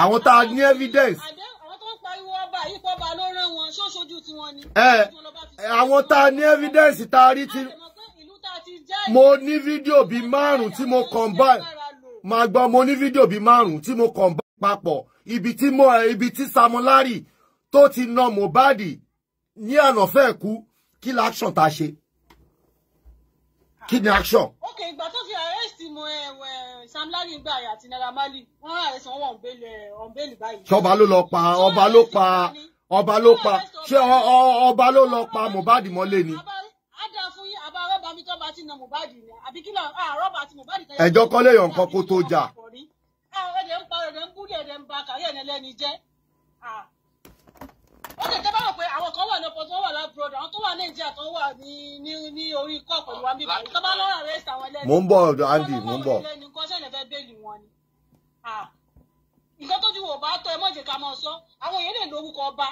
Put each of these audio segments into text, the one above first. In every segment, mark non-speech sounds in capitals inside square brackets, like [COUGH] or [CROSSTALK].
àwọn tá a ní evidence. àwọn tó ń pariwo ọba yìí kọ́ ọba eh, tá a ní evidence tá a rí ti. mo ní fídíò bíi márùn tí mo combine máa gbọ́ mo ní fídíò bíi márùn tí mo combine papọ̀ ibi tí mo eh, ibi tí Samolari tó ti na Mohbad ní àná fẹ́ kú kí la action tá ṣe kí ni action. ok ìgbà tó fi arrest mo ẹ eh, wẹ Sam Larry gbà yà àti Naira Marley wọ́n rà ẹ̀sán wọn ọ̀nbẹ́lẹ̀ eh, ọ̀nbẹ́lì báyìí. ṣọba ló lọ pa ọba ló pa ọba ló pa ṣé ọba ló lọ pa Mohbad mọ́lé ni. ada fún yín àbá rọ́bà mi tọ́ba ti na Mohbad ni àbí kí lọ rọ́bà ti Mohbad tẹ́lẹ̀. ẹjọ́ kọ́lé yàn kan kó tó jà. ẹ̀rẹ̀ ń pa ẹ̀rẹ̀ ń búrẹ́ ẹ̀rẹ̀ ń ba kàrí ẹ̀rẹ̀ lẹ́ni jẹ́ ó lè bá wọ̀ pé àwọn kan wà ní ọ̀pọ̀ tó wà lábúròdù àwọn tó wà nàìjíríà tó wà ní ní orí ikọ̀ pẹ̀lú wa bíbá tó bá lọ́rọ̀ rẹ̀ sàwọn lẹ́nu. mò ń bọ̀ andy mò ń bọ̀. nǹkan tójú wò bá tọ́ ẹ mọ̀ jẹ́ ká máa sọ àwọn èèyàn lè lo orúkọ ọba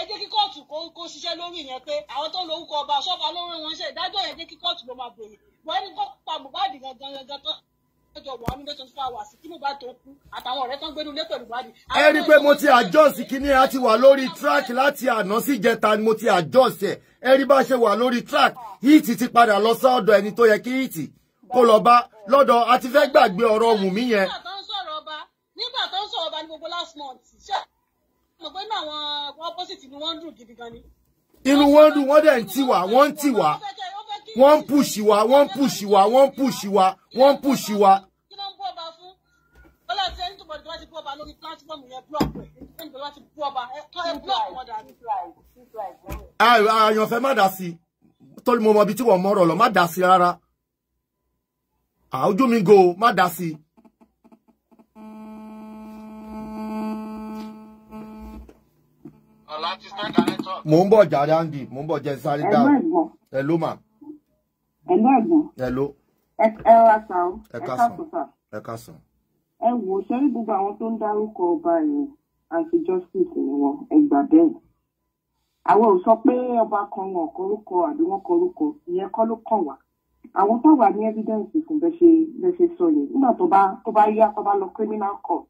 ẹ jẹ́ kí kóòtù kó ṣiṣẹ́ lórí ìyẹn pé àwọn tó lo orúkọ ọba ṣọ́ba ló wọn ṣe ìdájọ́ yẹn jẹ́ kí kóòtù ló máa bèrè wọ́n ní kó pa Mohbad gangan gangan tán ẹjọ wà nílé twenty four hours kí Mohbad tó kú ẹ rí i pé mo ti adjust kíní ẹ ti wà lórí track láti àná sí ìjẹta ni mo ti adjust ẹ ẹ rí bá ṣe wà lórí track hit ti padà lọ sọ́dọ̀ ẹni tó yẹ kí hit kó lọ bá lọ́dọ̀ a ti fẹ́ gbàgbé ọ̀rọ̀ Wùmí yẹn. nígbà tó ń sọ̀rọ̀ ọba nígbà tó ń sọ̀rọ̀ ọba ní gbogbo last month ṣe mo pé ní àwọn opposite ni wọ́n ń dùn gidi gan ni. inú wọn dùn wọ́n dẹ̀ ń tiwà wọ́n ń tiwà. ó wọ́n ń pùṣì wa wọ́n ń pùṣì wa wọ́n ń pùṣì wa wọ́n ń pùṣì wa. kí ló ń bú ọba fún ọlọ́run tí ẹni tó bọ̀ wá ti bú ọba lórí má dà sí tọ́lú mo mọ ibi tí wọ́n mọ̀rọ̀ lọ má dà sí rárá àójú mi go má dà sí. mo ń bọ̀ jàre andy mo ń bọ̀ jẹ́ sáré dáa ẹ̀ ló mà. Hello Hello. Ẹ ẹ wá sá o. Ẹ káàsán. Ẹ káàsán. Ẹ wò ṣé rí gbogbo àwọn tó ń dárúkọ ọba yìí àti justice ni wọn ẹgbà bẹ́ẹ̀. Àwọn ò sọ pé ọba kan wọn korúkọ àbí wọn korúkọ ìyẹn kọ́ ló kàn wá. Àwọn tó wà ní evidence fún bẹ́ẹ̀ ṣe bẹ́ẹ̀ ṣe sọ yẹn nígbà tó bá tó bá yá tó bá lọ criminal court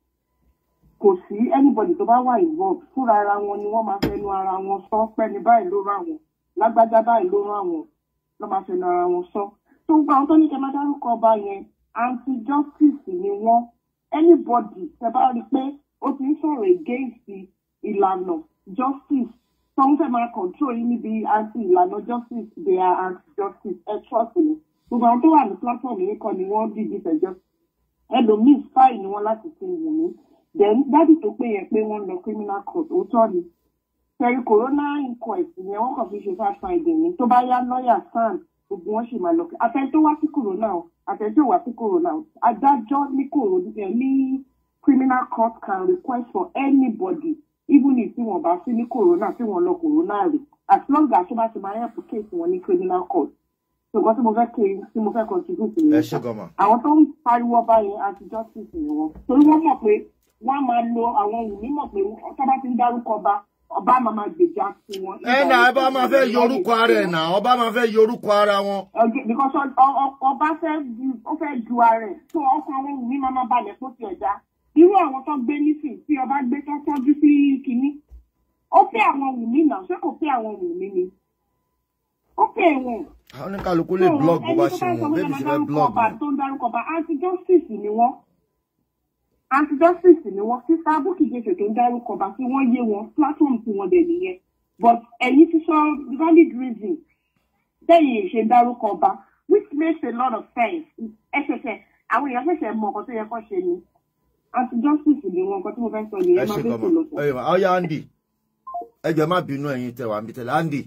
kò sí anybody tó bá wà involved fúnra ara wọn ni wọ́n máa fẹnu ara wọn sọ pẹ́ni báyìí ló rán wọn lágbájá báyìí ló rán wọn ló máa fẹnu ara wọn sọ tó gba àwọn tó ní kẹ máa dárúkọ ọba yẹn anti justice ni wọn anybody tẹ bá rí i pé ó ti ń sọ̀rọ̀ against ìlànà justice tó ń fẹ́ máa control yín níbi anti ìlànà justice they are anti justice ẹ trust me gbogbo àwọn tó wà ní platform yìí kan ni wọ́n dìde fẹ̀jọ́ ẹlòmíì spy ni wọ́n láti fi wù mí then dáàbì tó pé yẹn pé wọ́n lọ criminal court òótọ́ ni ẹ̀rí corona inquest ni wọ́n kàn fi ṣe fast finding ni tó bá yá lọ́ọ̀yà sam gbogbo wọn ṣì máa lọ àtẹ̀tọ́ wá sí corona o àtẹ̀tọ́ wá sí corona o adájọ́ ní corona ní criminal court can request for anybody even if wọn bá sí ní corona tí wọn lọ corona rè as long as wọn bá ti máa help case wọn ní criminal court nǹkan tí mo fẹ́ kí tí mo fẹ́ contribute ni àwọn tó ń pariwo ọba yẹn anti justice ni wọn torí wọ́n mọ̀ pé wọ́n á máa lo àwọn òun mímọ̀ pé ọtá bá ti ń dárúkọ ọba ọba ma gbèjà fún wọn. ẹ nà ẹ bá máa fẹ́ yorùkọ ara ẹ̀ nà ọba máa fẹ́ yorùkọ ara wọn. because ọba fẹ́ ju ó fẹ́ ju ara ẹ̀ tó ọkàn wọn wù mí máa ma balẹ̀ fún ti ẹ̀dá irú àwọn tó gbé nísìn tí ọba gbé tó tọ́jú sí kínní ó fẹ́ àwọn wù mí nà ṣé kò fẹ́ àwọn wù mí ni ó fẹ́ wọn. àwọn oníkàlùkù lè blog bó bá ṣe wọn bébí ṣe fẹ́ blog. ẹni tó bá sọ wọn lọ́wọ́ tó ń darúkọ bá anti justice ni wọ́n anti justice ni wọn sísá bókìjì ṣètò ń dárúkọ bá sí wọn yé wọn platform tí wọn dẹ nìyẹn but ẹyin ti sọ valid reason bẹ́yìn ṣe dárúkọ ọba which makes a lot of sense ẹ̀ṣẹ̀ṣẹ̀ àwọn èèyàn ṣẹ̀ṣẹ̀ mọ nǹkan tó yẹ kó ṣe ni anti justice ni wọn nǹkan tí mo fẹ́ sọ nìyẹn máa bẹ́ẹ̀ tó lọ. ẹ ṣe ọyọ andy ẹjọ má bínú ẹ̀yin tẹ́ wà níbi tẹ́lẹ̀ andy.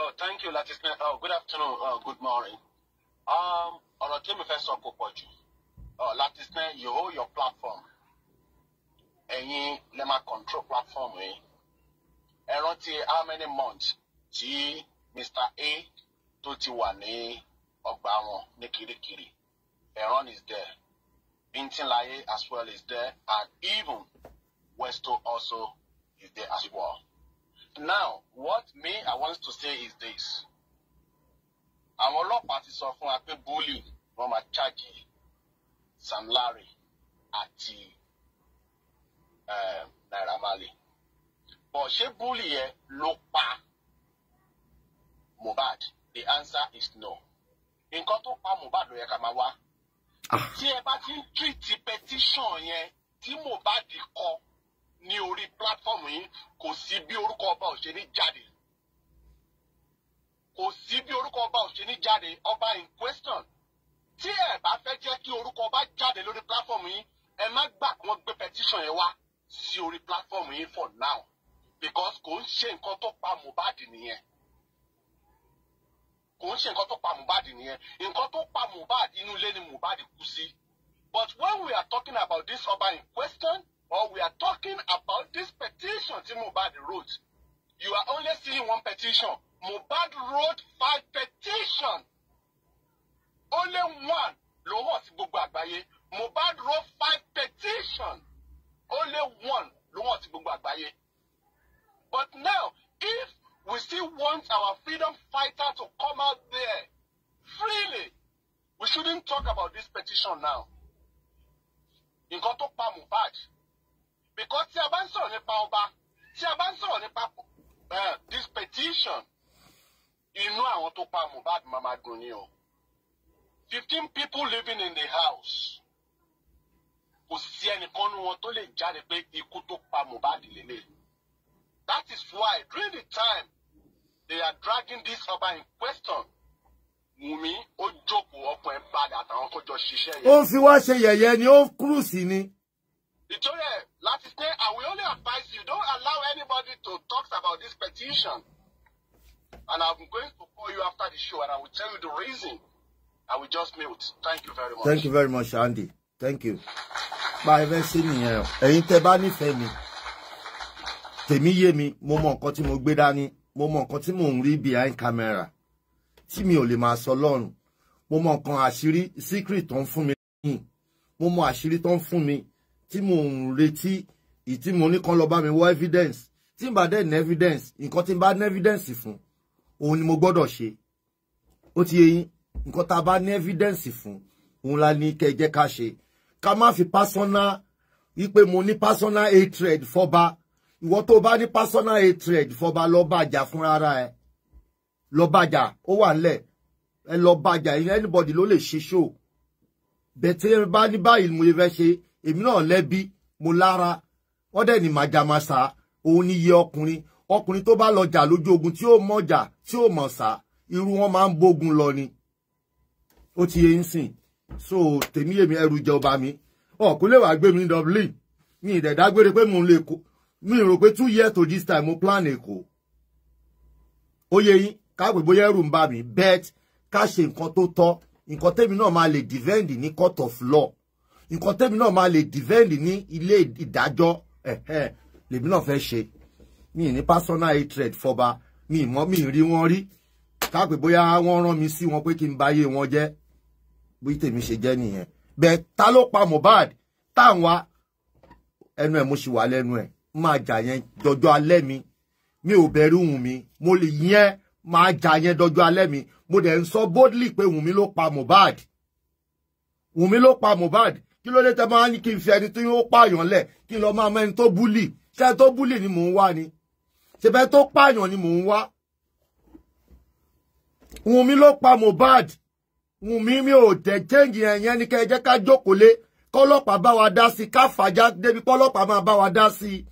oh thank you latif oh, good afternoon oh, good morning um, ọ̀rọ̀ tí mi fẹ́ sọ kò pọ̀ jù láti oh, pé you hold your platform ẹ̀yin let máa control platform yìí ẹ rántí how many months tí Mr. A tó ti wà ní ọgbà wọn is there Bintinlaye as well is there and even Westo also is there as well. Now what me I want to say is this àwọn ọlọ́pàá ti sọ fún wa pé bullying wọ́n máa charge yìí. Sam Larry àti eh, Naira Marley bọ̀ ṣé búlì yẹn ló pa Mohbad the answer is no nǹkan tó pa Mohbad ló yẹ ká máa wá ah. tí ẹ bá ti ń tírìtì petition yẹn tí Mohbad kọ ní orí platform yìí kò sí bí orúkọ ọba òṣèré jáde kò sí bí orúkọ ọba òṣèré jáde ọba in question tí ẹ bá fẹ́ jẹ́ kí orúkọ bá jáde lórí platform yín ẹ má gbà kí wọ́n gbé petition yẹn wá sí orí platform yín for now because kò ń ṣe nǹkan tó pa Mohbad nìyẹn kò ń ṣe nǹkan tó pa Mohbad nìyẹn nǹkan tó pa Mohbad inú ilé ni Mohbad kú sí but when we are talking about this urban in question or we are talking about this petition tí Mohbad wrote you are only seeing one petition Mohbad wrote five petitions only one ló hàn sí gbogbo àgbáyé Mohbad wrote five petitions only one ló hàn sí gbogbo àgbáyé but now if we still want our freedom fighter to come out there freely we shouldn't talk about this petition now nǹkan tó pa Mohbad because tí a bá ń sọ̀rọ̀ nípa ọba tí a bá ń sọ̀rọ̀ nípa eh, this petition inú àwọn tó pa Mohbad máa ma dùn ni o fifteen people living in the house kò sí ẹnìkan nu wọn tó lè jáde pé ikú tó pa Mohbad lélẹ̀ that is why during the time they are dragging this ọba in question Wùmí ó jókòó ọkọ ẹ̀ padà àtàwọn kọjọ ṣiṣẹ́ yẹn. ó ń fi wá ṣe yẹ̀yẹ́ ni ó kúrùsì ni. ìtòrí ẹ̀ láti pé I will only advise you don't allow anybody to talk about this petition and I'm going to call you after the show and I will tell you the reason. I will just mute. Thank you very much. Thank you very much, Andy. Thank you. Bye, ẹ fẹ́ sí nìyẹn o. Ẹ̀yin tẹ́ bá nífẹ̀ẹ́ mi. Tèmi yé mi, mo mọ nǹkan tí mo gbé dání, mo mọ nǹkan tí mò ń behind camera. Tí mi ò lè máa sọ lọ́rùn. Mo mọ nǹkan àṣírí secret tó ń fún mi lẹ́yìn. Mo mọ àṣírí tó ń fún mi tí mò ń retí mo ní kán lọ bá mi wá evidence. Tí n bá dẹ̀ ní evidence, nǹkan tí n bá evidence fún, òun ni mo gbọ́dọ̀ ṣe. Ó ti yé nǹkan tá a bá ní evidence fún òun la ní kẹ́ jẹ́ ká ṣe ká má fi personal wípé mo ní personal hatred fọba ìwọ tó bá ní personal hatred fọba lọ bàjá fúnra ẹ lọ bàjá ó wà ńlẹ̀ ẹ lọ bàjá anybody ló lè ṣe ṣó bẹ̀tẹ̀ bá ní báyìí mo fẹ́ ṣe èmi náà lẹ́bi mo lára wọ́n dẹ̀ ní màjàmásà òun ní iye ọkùnrin ọkùnrin tó bá lọ jà lójú ogun tí ó mọ̀ jà tí ó mọ̀ sá irú wọn máa ń bógun ni ó ti yé ń sìn so tèmi èmi ẹrù jẹ ọba mi ọkùnrin wàá gbé mi ní Dublin mi ìdẹ̀dágbére pé mo lè kó mi rò pé two years to this time mo plan èkó ó yẹ yín káàpẹ̀ bóyá ẹrù ń bà mí bet ká ṣe nǹkan tó tọ́ nǹkan tèmi náà máa lè defend ní court of law nǹkan tèmi náà máa lè defend ní ilé ìdájọ́ lèmi náà fẹ́ ṣe mi ní personal hatred fọba mi mọ́ mi rí wọn rí káàpẹ̀ bóyá wọ́n rán mi sí wọn pé kí n báyé wọn jẹ́ bí tèmi ṣe jẹ́ nìyẹn bẹ́ẹ̀ ta ló pa Mohbad táwọn ẹnu ẹ̀ mo ṣì wà lẹ́nu ẹ̀ máa jà yẹn dọjọ́ alẹ́ mi mi ò bẹ̀rù wùn mi mo lè yẹn máa jà yẹn dọjọ́ alẹ́ mi mo dẹ̀ ń sọ boldly pé wùn mi ló pa Mohbad wùn mi ló pa Mohbad kí ló dé tẹ máa ní kí n fi ẹni tí ó pààyàn lẹ̀ kí n lọ máa mẹ́ni tó búlì ṣé tó búlì ni mò ń wá ni ṣèbẹ́ tó pààyàn ni mò ń wá wùn mi ló pa Mohbad Wùnmí mi ò jẹ́ change yẹn yẹn ni kẹ́ ẹ jẹ́ ká jókòó lé kọ́lọ́pàá bá wa dá sí ká fàájà débi kọ́lọ́pàá máa bá wa dá sí i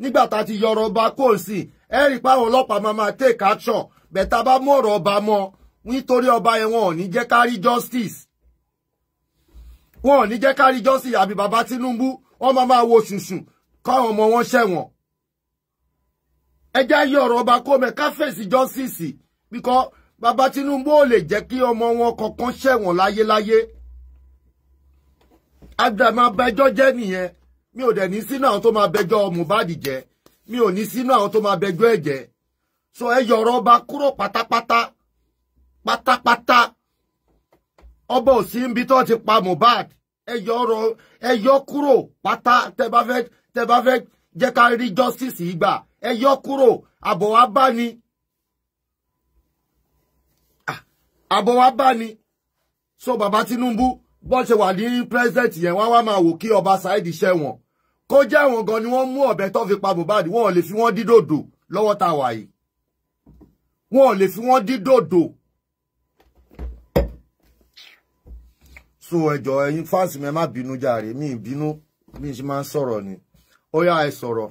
nígbà tá a ti yọrọ ọba kò sí ẹ rí i páwọn ọlọ́pàá máa máa take action bẹ̀tà bá mú ọ̀rọ̀ ọba mọ́ nítorí ọba yẹn wọn ò ní jẹ́ ká rí justice wọn ò ní jẹ́ ká rí justice àbí bàbá Tinubu wọn máa máa wo ṣùṣùn káwọn ọmọ wọn ṣẹ̀wọ̀n ẹ já yọrọ ọba kó mẹ ká fèsì justice because bàbá Tinubu ò lè jẹ́ kí ọmọ wọn kankan ṣẹ̀wọ̀n láyéláyé àdàmà bẹjọ́ jẹ nìyẹn mi ò de ní sínú àwọn tó máa Mohbad jẹ́ mi ò ní sínú àwọn tó máa so ẹ ọba kúrò pátápátá pátápátá ọba ò pa Mohbad ẹ yọ ẹ yọ kúrò pátá tẹ bá fẹ́ tẹ bá fẹ́ jẹ́ ká rí justice yìí yọ kúrò àbọ̀ àbọ̀ wa bá ni so bàbá Tinubu bọ́n ṣe wà ní president yẹn wá wá máa wò kí ọba Saheed ṣẹ̀wọ̀n kó jẹ́ àwọn gan ni wọ́n mú ọ̀bẹ tó fi pa Mohbad wọn ò lè fi wọ́n dídòdò lọ́wọ́ tá a wà yìí wọn ò lè fi wọ́n dídòdò. so ẹjọ ẹ̀yin fáǹsì mi ẹ má bínú jàre mi bínú bí n ṣe máa ń sọ̀rọ̀ ni ó yá ẹ sọ̀rọ̀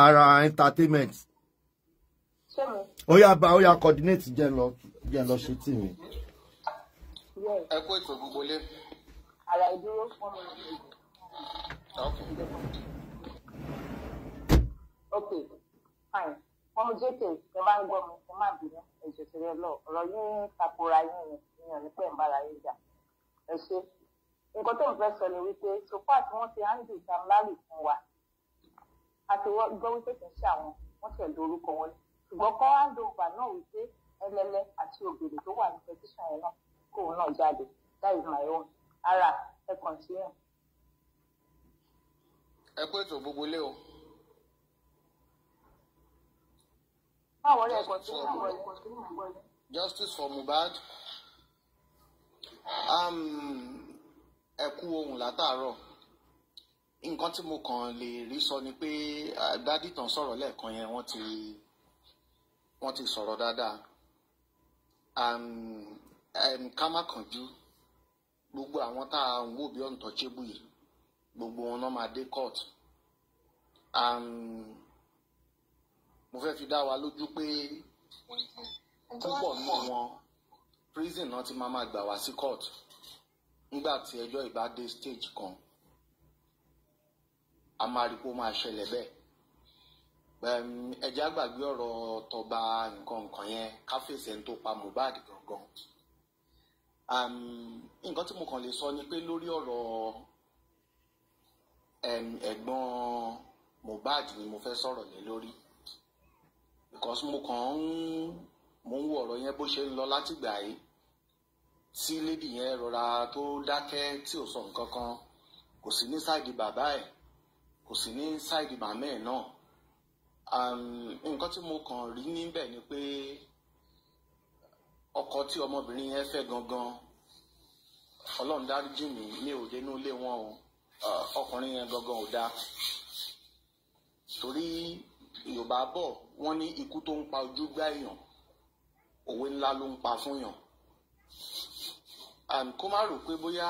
ara entertainment ó yá bá ó yá coordinate jẹ lọ jẹ́ ń lọ ṣe tì mí. ẹ kó ètò gbogbo lé. ara ìdúró fún mi. ok fine wọn jẹ́ kí ẹ bá ń gbọ́ mi ẹ má bínú ẹ̀jẹ̀ tó yẹ lọ ọ̀rọ̀ yín takora yín ni ìyàn ní pẹ̀ ń bára yín jà ẹ ṣe nǹkan tó ń fẹ́ sọ ni wípé sopá tí wọ́n ti áńdì Sam Larry fún wa àti gbọ́ wípé kì í ṣe àwọn wọ́n ṣẹ̀ lórúkọ wọn ṣùgbọ́n kọ́ áńdì náà wípé ẹlẹ́lẹ́ àti ògèrè tó wà ní pẹtíṣàn yẹn náà kóun náà jáde that is my own ara ẹ kàn sí yàn. ẹ pé ètò gbogbo lé o. justice for Mohbad um, ẹ kú ohun látàárọ̀ nǹkan tí mo kàn lè rí sọ ni pé uh, dádì tán sọ̀rọ̀ lẹ́ẹ̀kan yẹn wọ́n ti wọ́n ti sọ̀rọ̀ dáadáa Um, ká má kánjú gbogbo àwọn tá à ń wò bí untouchable yìí gbogbo wọn náà máa dé court mo fẹ́ fi dá wa lójú pé púpọ̀ nù wọn prison náà ti máa máa gbà wá sí court nígbà tí ẹjọ́ ìbá dé stage kan a máa rí pé ó máa ṣẹlẹ̀ bẹ́ẹ̀ ẹja gbàgbé ọ̀rọ̀ tọba nǹkan nǹkan yẹn káfíìsì ẹni tó pa Mohbad gangan nǹkan tí mo kàn lè sọ ni pé lórí ọ̀rọ̀ ẹ̀gbọ́n Mohbad ni mo fẹ́ sọ̀rọ̀ lé lórí because mo kàn ń mo ń wo ọ̀rọ̀ yẹn bó ṣe ń lọ látìgbà yìí tí lady yẹn rọra tó dákẹ́ tí ò sọ nǹkan kan kò sí ní sáìdì bàbá ẹ̀ kò sí ní sáìdì màmá ẹ̀ náà nǹkan tí mo kàn rí níbẹ̀ ni pé ọkọ tí ọmọbìnrin yẹn fẹ́ gangan ọlọ́run dáríjì mí mi ò dénú ilé wọn o uh, ọkùnrin yẹn gangan ò dáa torí yorùbá bọ̀ wọ́n ní ikú tó ń pa ojú gbá èèyàn òwe ńlá ló ń pa fún yàn kó má rò pé bóyá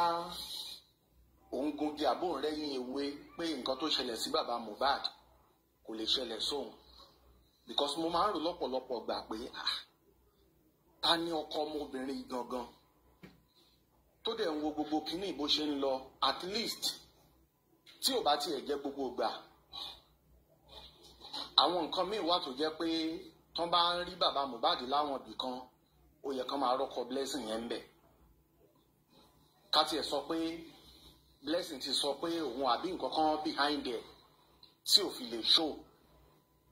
òun gungi àbóǹrẹ́yìn ewé pé nǹkan tó ṣẹlẹ̀ sí bàbá Mohbad kò lè ṣẹlẹ̀ sóhun because mo máa ń rò lọ́pọ̀lọpọ̀ gbà pé ah, ta ni ọkọ ọmọbìnrin gangan tó dẹ̀ ń wo gbogbo kínní bó ṣe ń lọ at least tí ò bá tiẹ̀ jẹ́ gbogbo gbà àwọn nǹkan míì wà tó jẹ́ pé tán bá ń rí bàbá Mohbad láwọn ibì kan ó yẹ kán máa rọ́kọ blessing yẹn ń bẹ̀ ká tiẹ̀ sọ pé blessing ti sọ pé òun àbí nǹkan kan behind there tí ò fi lè ṣó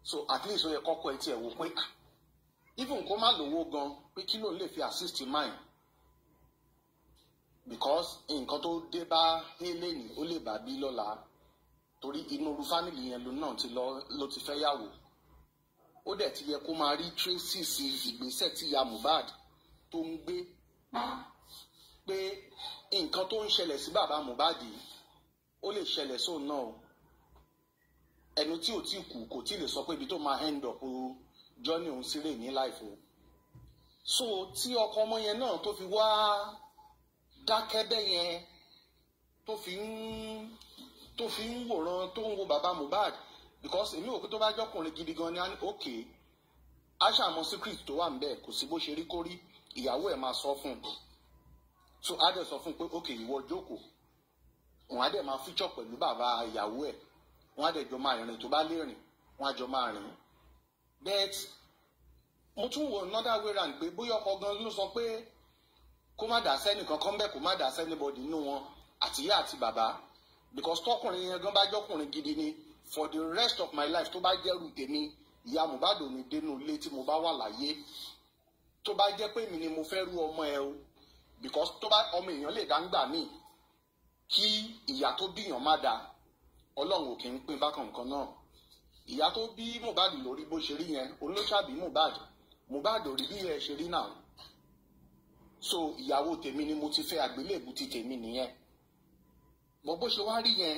so at least ó yẹ kọ́kọ́ ẹ tiẹ̀ wò pé ah, even kó má lówó gan pé kí ló lè fi assist mine because nǹkan tó dé bá hélè ní ó lè bá bí lọ́la torí inú irú fámìlì yẹn ló náà ti lọ ló ti fẹ́ yàwó ó dẹ̀ ti yẹ kó máa rí traces ìgbésẹ̀ tí ya Mohbad tó ń gbé pé nǹkan tó ń ṣẹlẹ̀ sí bàbá Mohbad yìí ó lè ṣẹlẹ̀ sóun náà o ẹni tí ò tí kú kò tí lè sọ pé ibi tó máa end up journey òun sí rè ní life o so tí ọkọ ọmọ yẹn náà tó fi wá dákẹ́ bẹ́ yẹn tó fi ń tó fi ń wòran tó ń wo bàbá Mohbad because èmi ò pé tó bá jọkùnrin gidi gan ni a ní òkè aṣàmọ secret tó wà níbẹ̀ kò sí bó ṣe rí kórí ìyàwó ẹ̀ máa sọ fún un so adé sọ fún un pé òkè ìwọ jókòó òun adé máa fíjọ pẹ̀lú bàbá ìyàwó ẹ̀ wọ́n á dẹ̀ jọ máa rìn tó bá lè rìn wọ́n á jọ máa rìn but mo tún wò another way round pé bóyá ọkọ gan ló sọ pé kó má dà sẹ́nì kankan bẹ́ẹ̀ kó má dà sẹ́nì bọ́dì nínú wọn àtìyá àti bàbá because tọkùnrin yẹn gan bá jọkùnrin gidi ni for the rest of my life tó bá jẹ́rù tèmi ìyá Mohbad ò ní dénú ilé tí mo bá wà láyé tó bá jẹ́ pé mi ni mo fẹ́ rú ọmọ ẹ o because tó bá ọmọ èèyàn lè dá ń gbà míì kí ìyá tó bíyàn má dáa ọlọ́run ò kì í pín bákan nǹkan náà ìyá tó bí Mohbad lórí bó ṣe rí yẹn olóṣàbí Mohbad Mohbad ò rí bí ẹ ṣe rí náà so ìyàwó tèmi ni mo ti fẹ́ àgbélébù ti tèmi nìyẹn mo bó ṣe wá rí yẹn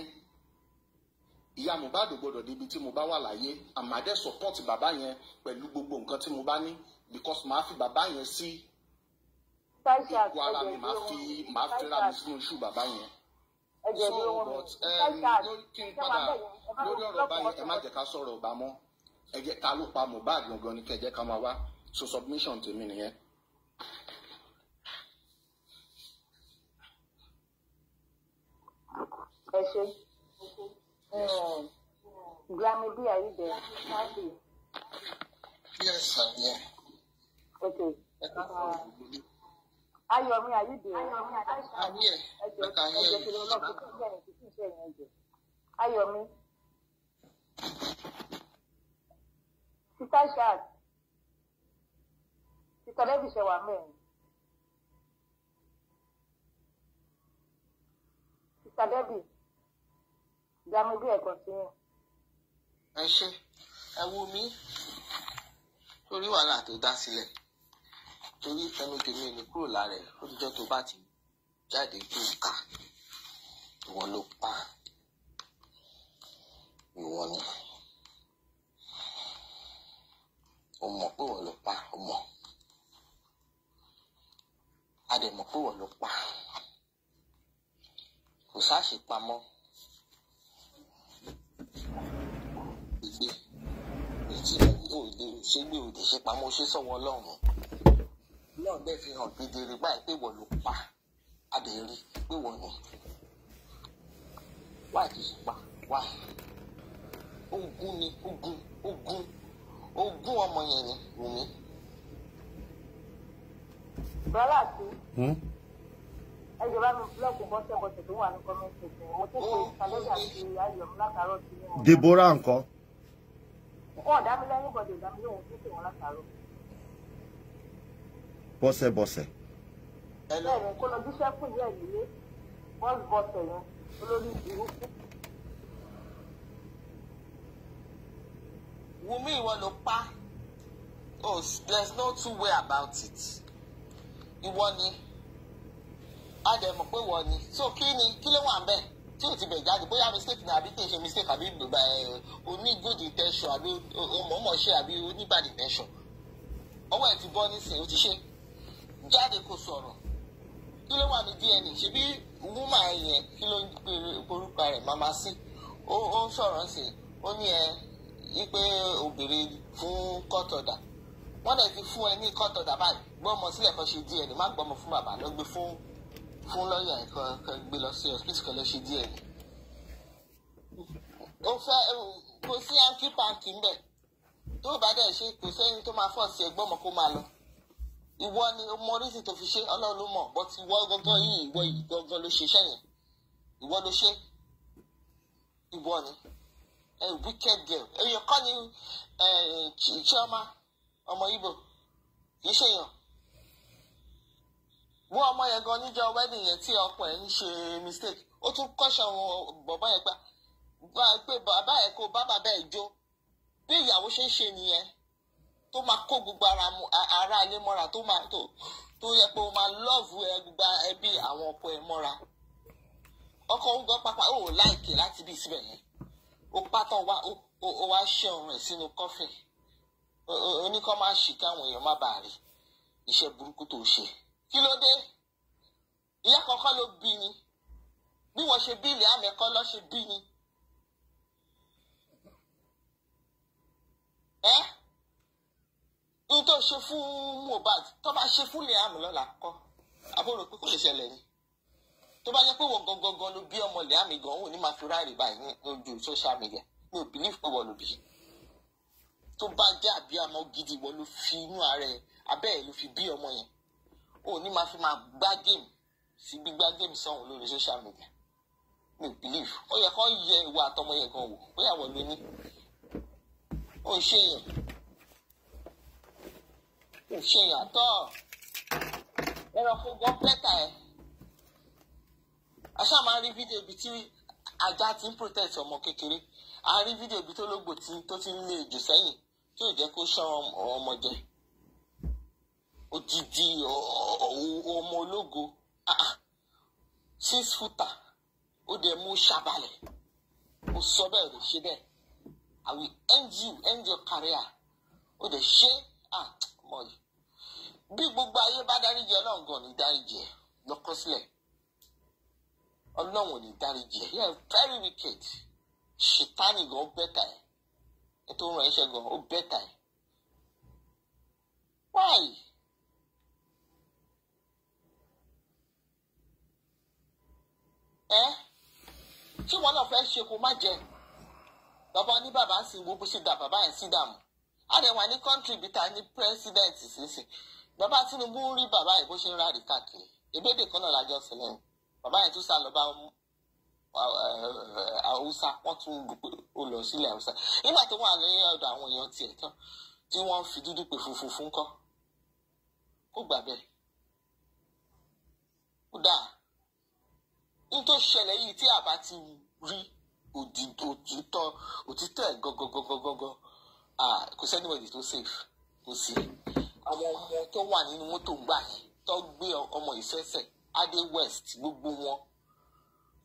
ìyá Mohbad gbọ́dọ̀ débi tí mo bá wà láyé àmàdé support bàbá yẹn pẹ̀lú gbogbo nǹkan tí mo bá ní because màá fi bàbá yẹn sí ipò ara mi màá fi màá fẹ́ra mi sínú iṣu bàbá yẹn ẹ̀jẹ̀ bí wọ́n mi eh, lórí kí n padà lórí ọ̀rọ̀ báyìí ẹ má jẹ́ ká sọ̀rọ̀ ọ̀bà mọ́ ẹ jẹ́ ká ló pa Mohbad gangan ni kẹ̀jẹ́ ká máa wá so submission tèmi nìyẹn. ẹ ṣe grammy bí are you there yes sir yeah. okay. Uh, ayọ̀mí ayíde ẹjọ́ ẹjọ́ kí ló lọ́ọ́ fi bẹ́ẹ̀ kí kí iṣẹ́ yẹn jẹ ayọ̀mí sitashat sitadẹ́fìṣẹ́ wà mẹ́rin sitadẹ́bì jamu bí ẹ̀kọ́ sí yẹn. ẹ ṣe ẹ wo mi torí wàhálà tó dá sílẹ̀ torí fẹnu tèmi mi kúrò lára ẹ̀ ó dijọ́ tó bá ti jáde tó kà ìwọ ló pa ìwọ ni o mọ̀ pé ìwọ ló pa o mọ̀ a dẹ̀ mọ̀ pé ìwọ ló pa kò sáàṣì pamọ́ ìgbé ìjì òde ṣégbé òde ṣe pamọ́ ṣé sọ̀wọ́ ọlọ́run náà dẹ̀ fi hàn kedere báyìí pé wọ́n ló pa adèrè pé wọ́n ní wáyé kì í ṣe pa wáyé ogun ni ogun ogun ogun ọmọ yẹn ni Wùmí. bọ́lá sí ẹ jọba mi búlọ́ọ̀kù bọ́sẹ̀ bọ́sẹ̀ tó wà ní kọ́mẹ́ntì mo oh, oh, àti oh. Deborah ńkọ́. wọn ò bọ̀dẹ̀ ìdámi lóhun tó ṣe wọn bọ́sẹ̀bọ́sẹ̀. ẹlẹ́rìí kó lọ jíṣẹ́ fún ìyá ẹ̀ nílé bọ́sẹ̀bọ́sẹ̀ yẹn olórí burúkú. Wùmí ìwọ ló pa oh there's no two way about it ìwọ ni a dẹ̀ mọ̀ pé ìwọ ni so kí ni kí ló wà ń bẹ̀ tí o ti bẹ̀ jáde bóyá mistake ni àbí kí n ṣe mistake àbí eh, o ní good intention àbí o mọ̀ọ́mọ̀ ṣe àbí o ní bad intention ọwọ́ ẹ̀ ti bọ́ nísìnyí o ti ṣe jáde kó sọ̀rọ̀ kí ló wà ní dna ṣebí wúmà yẹn kí ló ń pe orúkọ rẹ̀ màmá sí ó ń sọ̀rọ̀ sí ó ní ẹ wípé obìnrin fún kọ́tọ̀dà wọ́n dẹ̀ ti fún ẹ ní kọ́tọ̀dà báyìí gbọ́mọ sílẹ̀ kan ṣe dna má gbọ́mọ fún bàbá lọ gbé fún fún lọ́ọ̀yà kan gbé lọ sí hospital kan lọ ṣe dna ó fẹ́ kò sí ankipanki ń bẹ̀ tó o bá dẹ̀ ṣe kò sẹ́yìn tó máa fọ̀ sí ẹgbọ́mọ kó máa lọ ìwọ ni o mọ oríṣi tó fi ṣe ọlọ́run ló mọ̀ bọ́tí ìwọ gangan yìí ìwọ yìí gangan ló ṣe iṣẹ́ yẹn ìwọ ló ṣe ìwọ ni a wicked girl èèyàn kọ́ ni chioma ọmọ ibo kì í ṣèyàn wọ ọmọ yẹn gan níjọ wedding yẹn tí ọkọ ẹ̀ ń ṣe mistake ó tún kọ́ṣọ́ bọ̀bọ́ yẹn gbà pé bàbá ẹ̀ kó bá bàbá ẹ̀ jó bí ìyàwó ṣe ń ṣe nìyẹn tó máa kó gbogbo ara mu ara ilé mọ́ra tó máa tó tó yẹ pé o máa lọ́ọ̀fù ẹ gba ẹbí àwọn ọkọ ẹ mọ́ra ọkọ ń gbọ́ pápá ó láìkè láti bí síbẹ̀ yẹn ó pátán wá ó wá ṣe ọrùn ẹ̀ sínú kọ́fẹ̀ oníkọ́ máa ṣì káwọn èèyàn má bàa rí iṣẹ́ burúkú tó ṣe kí ló dé ìyá kọ́kọ́ ló bí ni bí wọ́n ṣe bí ilé àmẹ́kọ́ lọ́ ṣe bí ni. Eh? n tó ṣe fún Mohbad tó bá ṣe fún Liam lọ́la kọ́ àbúrò pé kò lè ṣẹlẹ̀ ni tó bá yẹ pé wọ́n gangan ló bí ọmọ Liam gan òun ní máa fi ráàrí báyìí lójú social media mi ò bìlíf pé wọ́n ló bí tó bá jẹ́ àbí ọmọ gidi wọ́n ló fi inú ara ẹ̀ abẹ́ ẹ̀ ló fi bí ọmọ yẹn òun máa fi máa gbá géèmù sí gbígbá géèmù sọ̀hún lórí social media mi ò bìlíf ó yẹ kó yẹ ìwà àtọmọ yẹn gan wò bóyá wọ́n ló ní ó ń ṣe yẹn kò ṣe èèyàn tọ́ ẹranko gan pẹ́tà ẹ̀ aṣáà máa ń rí fídíò ibi tí ajá ti ń protect ọmọ kékeré a rí fídíò ibi tó lógbò tó ti ń lé ejò sẹ́yìn tí ò jẹ́ kó ṣán ọmọ jẹ odidi ọmọ ológo six footer ó dẹ̀ mú ṣàbàlẹ̀ ó sọ bẹ́ẹ̀ ló ṣe bẹ́ẹ̀ I will end you end your career ó dẹ̀ ṣe ah mọ̀ yìí bí gbogbo ayé bá dáríjì ọlọ́run gan ní dáríjì ẹ̀ lọ́kọ́ sílẹ̀ ọlọ́run ò ní dáríjì ẹ̀ yẹn very wicked ṣètánì gan ó bẹ́tà ẹ̀ ẹ tó ń ràn ẹ́ṣẹ́ gan ó bẹ́tà ẹ̀ why? ẹ tí wọn náà fẹ́ ṣe kó má jẹ bàbá ní bàbá sì wo bó ṣe dà bàbá yẹn sí dààmú àdẹ̀wà ní kọ́ńtì bíi ta ní pírẹ́sídẹ̀ǹtì sísìn bàbá Tinubu ń rí bàbá yìí bó ṣe ń ráàrí káàkiri ìbéèdè kan náà lájọ sílẹ̀ bàbá yìí tún sá lọ bá eh, eh, haúsá wọ́n tún ó lọ sílẹ̀ haúsá nígbà tó wà ní ọ̀dọ̀ àwọn èèyàn tiẹ̀ tán tí wọ́n fi dúdú pè funfun fún kọ́ kó gbà bẹ́ẹ̀ ó dáa ní tó ṣẹlẹ̀ yìí tí àbá ti rí òtítọ́ òtítọ́ ẹ̀ gọ́gọ́gọ́gọ́gọ́ kò sẹ́ni wọ̀nyí tó safe kò sí àwọn ọmọ tó wà nínú mọ́tò gbà yìí tó gbé ọmọ ìfẹ́fẹ́ adé west gbogbo wọn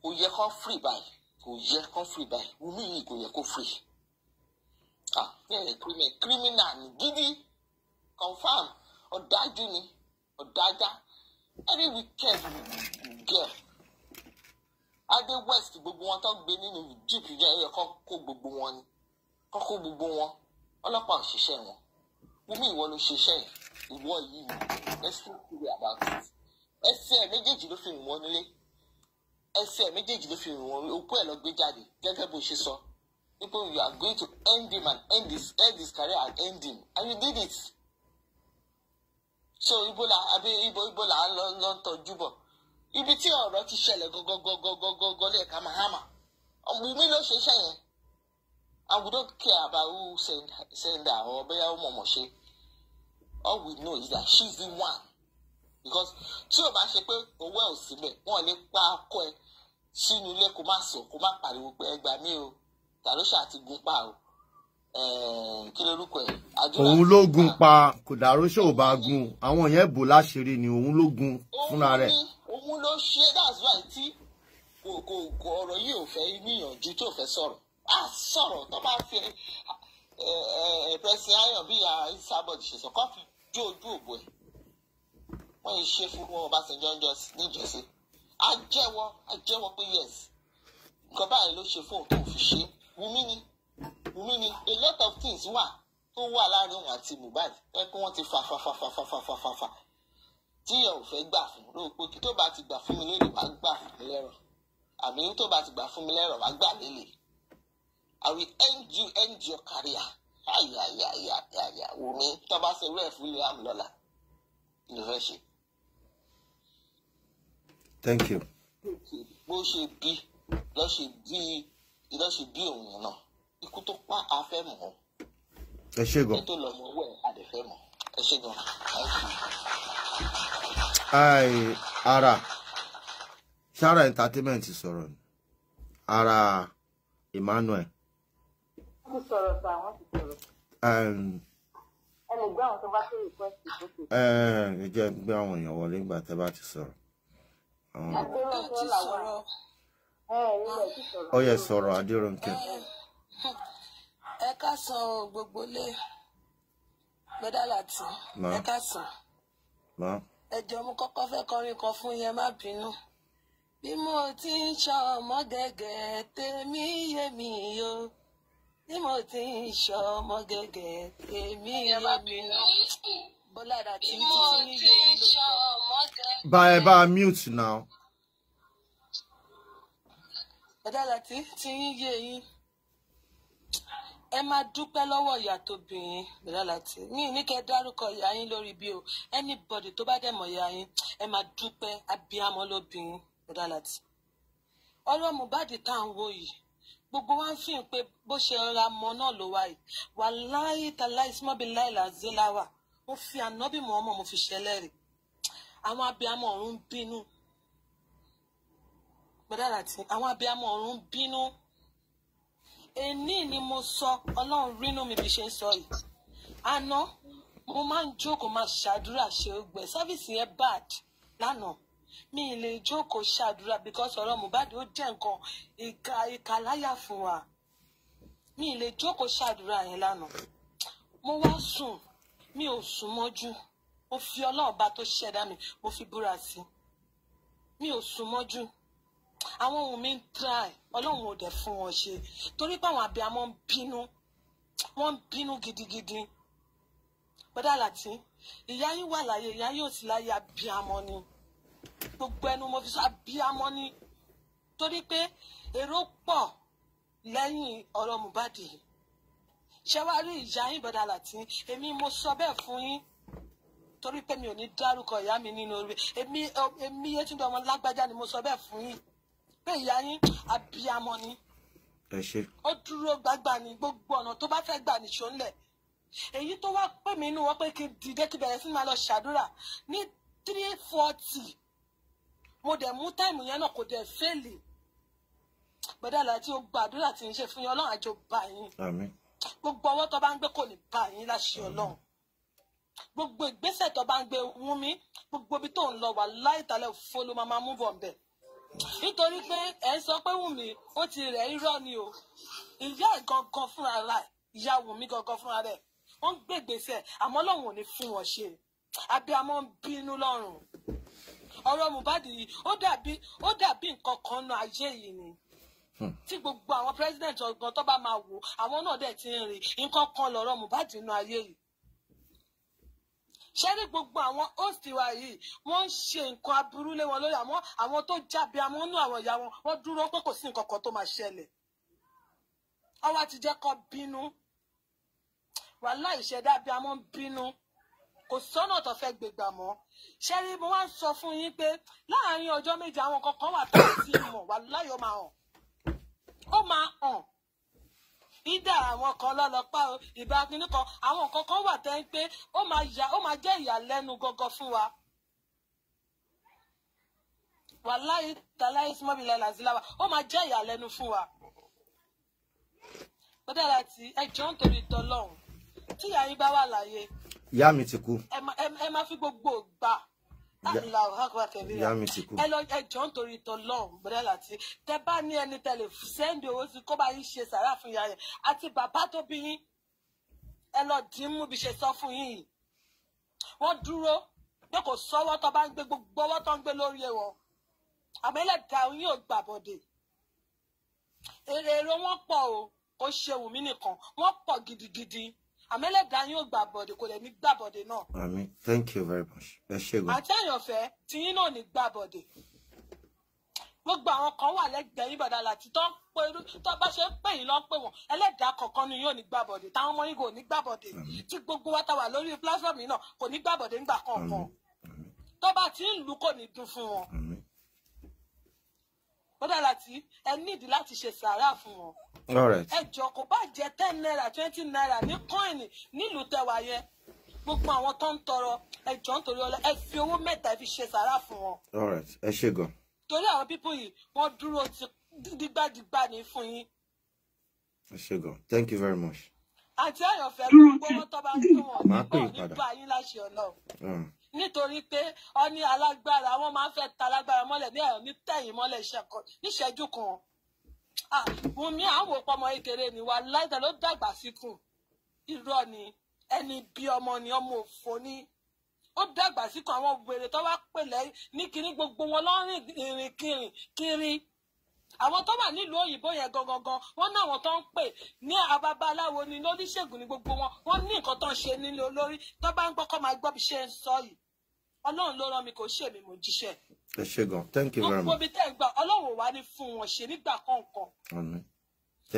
kò yẹ kó free báyìí kò yẹ kó free báyìí wùmí yìí kò yẹ kó free ah criminal gidi confam ọ̀dájú ni ọ̀dájá Every weekend, girl adé west gbogbo wọn tó gbé nínú jíìpù yẹn yẹ kó kó gbogbo wọn ni kó kó gbogbo wọn ọlọ́pàá òṣìṣẹ́ wọn níbi ìwọ ló ṣiṣẹ́ ìwọ yìí ẹ sì kúrò about it ẹsẹ̀ méjèèjì ló fi rìn wọ́n nílé ẹsẹ̀ méjèèjì ló fi rìn wọ́n òkú ẹ̀ lọ gbé jáde gẹ́gẹ́ bó ṣe sọ wípé you are going to end him and end his end his career and end him and you did it so ibo la àbí ibo ibo la lọ lọ tọ́jú bọ̀ ibi tí ọ̀rọ̀ ti ṣẹlẹ̀ gọgọgọgọgọgọ lè ká máa hàmà Wùmí ló ṣe iṣẹ́ yẹn and we don't care about who send send her or bóyá ó mọ̀ọ́mọ̀ ṣe all we know is that she's the one because tí o bá ṣe pé owó ẹ̀ ò síbẹ̀ wọ́n lè pa akọ ẹ sínú ilé kó má sọ kó má pariwo pé ẹ gbà o ta ló ṣáà ti gun pa o kí lorúkọ ẹ. òun ló gun pa Kòdàrọ́ṣà ò bá gun àwọn yẹn bò láṣìírí ni òun ló gun fúnra rẹ̀. òun ló ṣe that's why tí kò kò kò ọ̀rọ̀ yìí ò fẹ́ níyànjú tó fẹ́ sọ̀rọ̀ á sọ̀rọ̀ tó bá fi ẹ ẹ pẹ̀sì ayọ̀ bí i sábọ̀dì ṣe sọ kọ́fì dé ojú òbò ẹ̀ wọ́n yìí ṣe fún wọn Ọbásanjọ́ níjọ́sí á jẹ́wọ́ á jẹ́wọ́ pé yes nǹkan báyìí ló ṣe fóun tó fi ṣe Wùmí ni Wùmí ni a lot of things wà tó wà láàrin òun àti Mohbad ẹ pé wọ́n ti fà fà fà fà fà fà fà fà fa tí ẹ ò fẹ́ gbà fún ló pé kí tó bá ti gbà fún mi lélẹ̀ wàá gbà fún mi lẹ́rọ̀ àmì tó bá ti gbà fún mi lẹ́rọ̀ wàá gbà lélẹ̀ I will end you end your career àyàyàyàyà wùmí tó bá ṣe rẹ̀ fún Liam thank you. bó ṣe bí lọ́ ṣe bí lọ́ ṣe bí òun náà ikú tó pa afẹ́ mọ́ ẹ ṣé gan. ètò lọmọ owó ẹ àdẹfẹ mọ ẹ ṣé gan. ai ara sara entertainment sọ̀rọ̀ ni ara Emmanuel. And sọ̀rọ̀ sọ àwọn ti sọ̀rọ̀. ẹ lè gbé àwọn tó bá kéré pẹ́ sí ìgbésẹ̀. ẹ jẹ́ gbé àwọn èèyàn wọlé ìgbà tẹ́ bá ti sọ̀rọ̀. ó yẹ sọ̀rọ̀ Adérónkẹ́. ẹ ká san gbogbo lé gbẹdálàtì ẹ ká san. ẹ mo kọ́kọ́ fẹ́ kọrin kan fún yẹn má bínú. bí mo ti ń ṣọ ọmọ gẹ́gẹ́ tèmi yé mi o tí mo ti ń ṣọmọ gẹ́gẹ́ èmi èmi Bọ́lá àti títí nílé ìlú. Bá ẹ bá mute now. Bọ́lá àti tí ń yé yín. Ẹ máa dúpẹ́ lọ́wọ́ ìyá tó bí yín Bọ́lá àti ní kẹ́ dárúkọ ìyá yín lórí bí o anybody tó bá dẹ̀ mọ̀ ìyá yín ẹ máa dúpẹ́ abiyamọ ló bí yín Bọ́lá tá à ń wò yìí gbogbo wa ń fi hàn pé bó ṣe ra mọ náà ló wáyé wà láyé tàlá ìsúmọ́bí láìlà zéláwà mo fi ànábì mọ́ ọmọ mo fi ṣẹlẹ́rìí àwọn abiyamọ ọ̀run bínú gbọdára tí àwọn abiyamọ ọ̀run bínú èní ni mo sọ ọlọ́run rínú mi bí ṣe ń sọ yìí àná mo máa ń jókòó máa ṣàdúrà ṣe é gbẹ sáfìsì yẹn bad lánàá mi ì lè jókòó ṣàdúrà because ọ̀rọ̀ Mohbad ó jẹ́ nǹkan ìka ìka láyà fún wa mi ì lè jókòó ṣàdúrà yẹn lánàá mo wá sùn mi ò sùn mọ́jú mo fi ọlọ́ọ̀ba tó ṣẹ̀dá mi mo fi búra sí mi ò sùn mọ́jú àwọn ohun mi ń try ọlọ́run ò dẹ̀ fún wọn ṣe torí pé àwọn abiyamọ ń bínú wọ́n ń bínú gidigidi bọ́dà láti ìyá yín wà láyé ìyá yóò sì láyé abiyamọ ni gbogbo ẹnu mo fi sọ abiyamọ ni torí pé èrò pọ̀ lẹ́yìn ọ̀rọ̀ Mohbad ṣé wàá rí ìyá yín bọ̀dà láti èmi mo sọ bẹ́ẹ̀ fún yín torí pé mi ò ní dárúkọ ìyá mi nínú orí èmi èmi Yétúndé ọmọ lágbájá ni mo sọ bẹ́ẹ̀ fún yín pé ìyá yín abiyamọ ni ó dúró gbágbá ni gbogbo ọ̀nà tó bá fẹ́ gbà nìṣó ńlẹ̀ èyí tó wá pè mí inú wọn pé kí n dìde kí bẹ̀rẹ̀ sí máa lọ ṣàdúrà ní three forty mo dẹ̀ mú táìmù yẹn náà kò dẹ̀ fẹ́ẹ̀lì gbẹdàlá tí ó gbàdúrà tí ń ṣe fún yín ọlọ́run àjò bá yín gbogbo ọwọ́ tó bá ń gbé kò ní bá yín láṣẹ ọlọ́run gbogbo ìgbésẹ̀ tó bá ń gbé wú mi gbogbo ibi tó ń lọ wà láìtàlẹ̀ òfófó ló máa mú bọ̀ bẹ̀ nítorí pé ẹ̀ ń sọ pé Wùmí ó ti rẹ̀ irọ́ ni o ìyá ẹ̀ gangan fúnra rẹ̀ ìyá Wùmí gangan fúnra rẹ̀ wọ́n ń gbé ìgbésẹ̀ àmọ́ Ọlọ́run ò ní fún wọn ṣe abiyamọ ń bínú lọ́rùn ọ̀rọ̀ Mohbad yìí ó dàbí ó dàbí nǹkan kan nu ayé yìí ni hmm. tí gbogbo àwọn president ọgbọ́n tó bá máa wò àwọn náà dẹ̀ ti ń rìn nǹkan kan lọ̀rọ̀ Mohbad nu ayé yìí ṣẹ́rí gbogbo àwọn host wa yìí wọ́n ń ṣe nǹkan aburú lé wọn lórí àmọ́ àwọn tó jábí amúnú àwọn ìyá wọn wọ́n dúró pé kò sí nǹkan kan tó máa ṣẹlẹ̀ ọwọ́ ti jẹ́ kó bínú wàhálà ìṣẹ̀dá bí amọ́ ń bínú kò sọ́nà tó fẹ́ gbégbà mọ́ ṣẹ́rí mo wá ń sọ fún yín pé láàárín ọjọ́ méje àwọn kankan wà tó ti mọ̀ wà láyọ̀ máa hàn ó máa hàn ìdá àwọn kan lọ́lọ́pàá o ìbá kínní kan àwọn kankan wà tẹ́ ń pé ó máa jẹ́ ìyàlẹ́nu gọ́gọ́ fún wa wàláyé tàláyé sùmọ́bìlà làzìláwà ó máa jẹ́ ìyàlẹ́nu fún wa. ó dára tí ń torí tọ́lọ́hún tíyà yín wà láyé ìyá mi ti kú. ẹ máa fi gbogbo gbà ìyá mi ti kú. ẹ lọ ẹjọ́ nítorí tọlọ́run bọ́dẹ́ láti tẹ bá ní ẹni tẹlẹ sẹ́ndì owó sí kó bá yín ṣe sàrà fún ìyá yẹn àti bàbá tó bí yín ẹ lọ dín mú bí ṣe sọ fún yín wọ́n dúró pé kò sọ́wọ́ tó bá ń gbé gbogbo ọwọ́ tó ń gbé lórí wọn àmẹ́lẹ̀dá yín ò gbàbọ̀dẹ̀ èrè èrè wọn pọ̀ o kò ṣe wùmí nìkan wọ́n pọ̀ gidigidi àmẹ́lẹ̀dá yóò gbà bọ̀dẹ̀ kò dẹ̀ ní gbà bọ̀dẹ̀ náà. àmín thank you very much ẹ ṣe gan. àti àyànfẹ́ tiyín náà ní gbà bọ̀dẹ̀. gbogbo àwọn kan wà lẹ́gbẹ̀ẹ́ yín bàdà láti tọ́ pé irú tó bá ṣe ń pè yín lọ́ pè wọ́n ẹlẹ́dàá kọ̀ọ̀kan ni yóò ní gbà bọ̀dẹ̀ táwọn ọmọ yín kò ní gbà bọ̀dẹ̀ tí gbogbo wa ta wà lórí pílásọ̀mù yìí náà kò ní gbà bọ̀dẹ̀ ńgbà kọ̀ọ̀kan tó bá ti ń lù kò ní dùn fún wọn bọ́dà láti ẹ nídi láti ṣe sàárà fún wọn. ẹ kò bá jẹ ten naira twenty naira ní kọ́ìnì nílùú tẹwà yẹn gbogbo àwọn tó ń tọrọ ẹ jọ nítorí ọlọ ẹ fi owó mẹ́ta fi ṣe sàárà fún wọn. ẹ ṣe gan. torí àwọn pípọ̀ yìí wọ́n dúró ti dígbàdígbà ní fún yín. ẹ ṣe gan thank you very much. àti àyànfẹ́ gbogbo wọn tó bá ń fún wọn nígbà nígbà yín láṣẹ ọ̀nà nítorí pé ọ ní alágbára wọn máa ń fẹ́ ta alágbára mọ́lẹ̀ ní ẹ̀rọ ní tẹ̀yìn mọ́lẹ̀ níṣẹ́jú kan Wùnmí à ń wò pọ̀ ọmọ ni wà láìda ló dàgbà síkùn irọ́ ni ẹni bí ọmọ ni ọmọ òfò ni ó dàgbà síkùn àwọn wèrè tó wá pèlẹ́ ní kiri gbogbo wọn lọ́rìn ìrìnkìrìn kiri. kiri àwọn tó wà nílùú òyìnbó yẹn gangan wọn náà wọn tó ń pè ní ababaláwo ni lóníṣègùn ni gbogbo wọn wọn ní nǹkan tó ń ṣe nílé olórí tó bá ń gbọ́ máa gbọ́ bí ṣe ń sọ yìí ọlọ́run ló rán mi kò ṣe mi mo jíṣẹ́. ẹ ṣe gan thank you very much. gbogbo ibi tẹ́ ẹ gbà ọlọ́run wà ní fún wọn ṣe nígbà kọ̀ọ̀kan.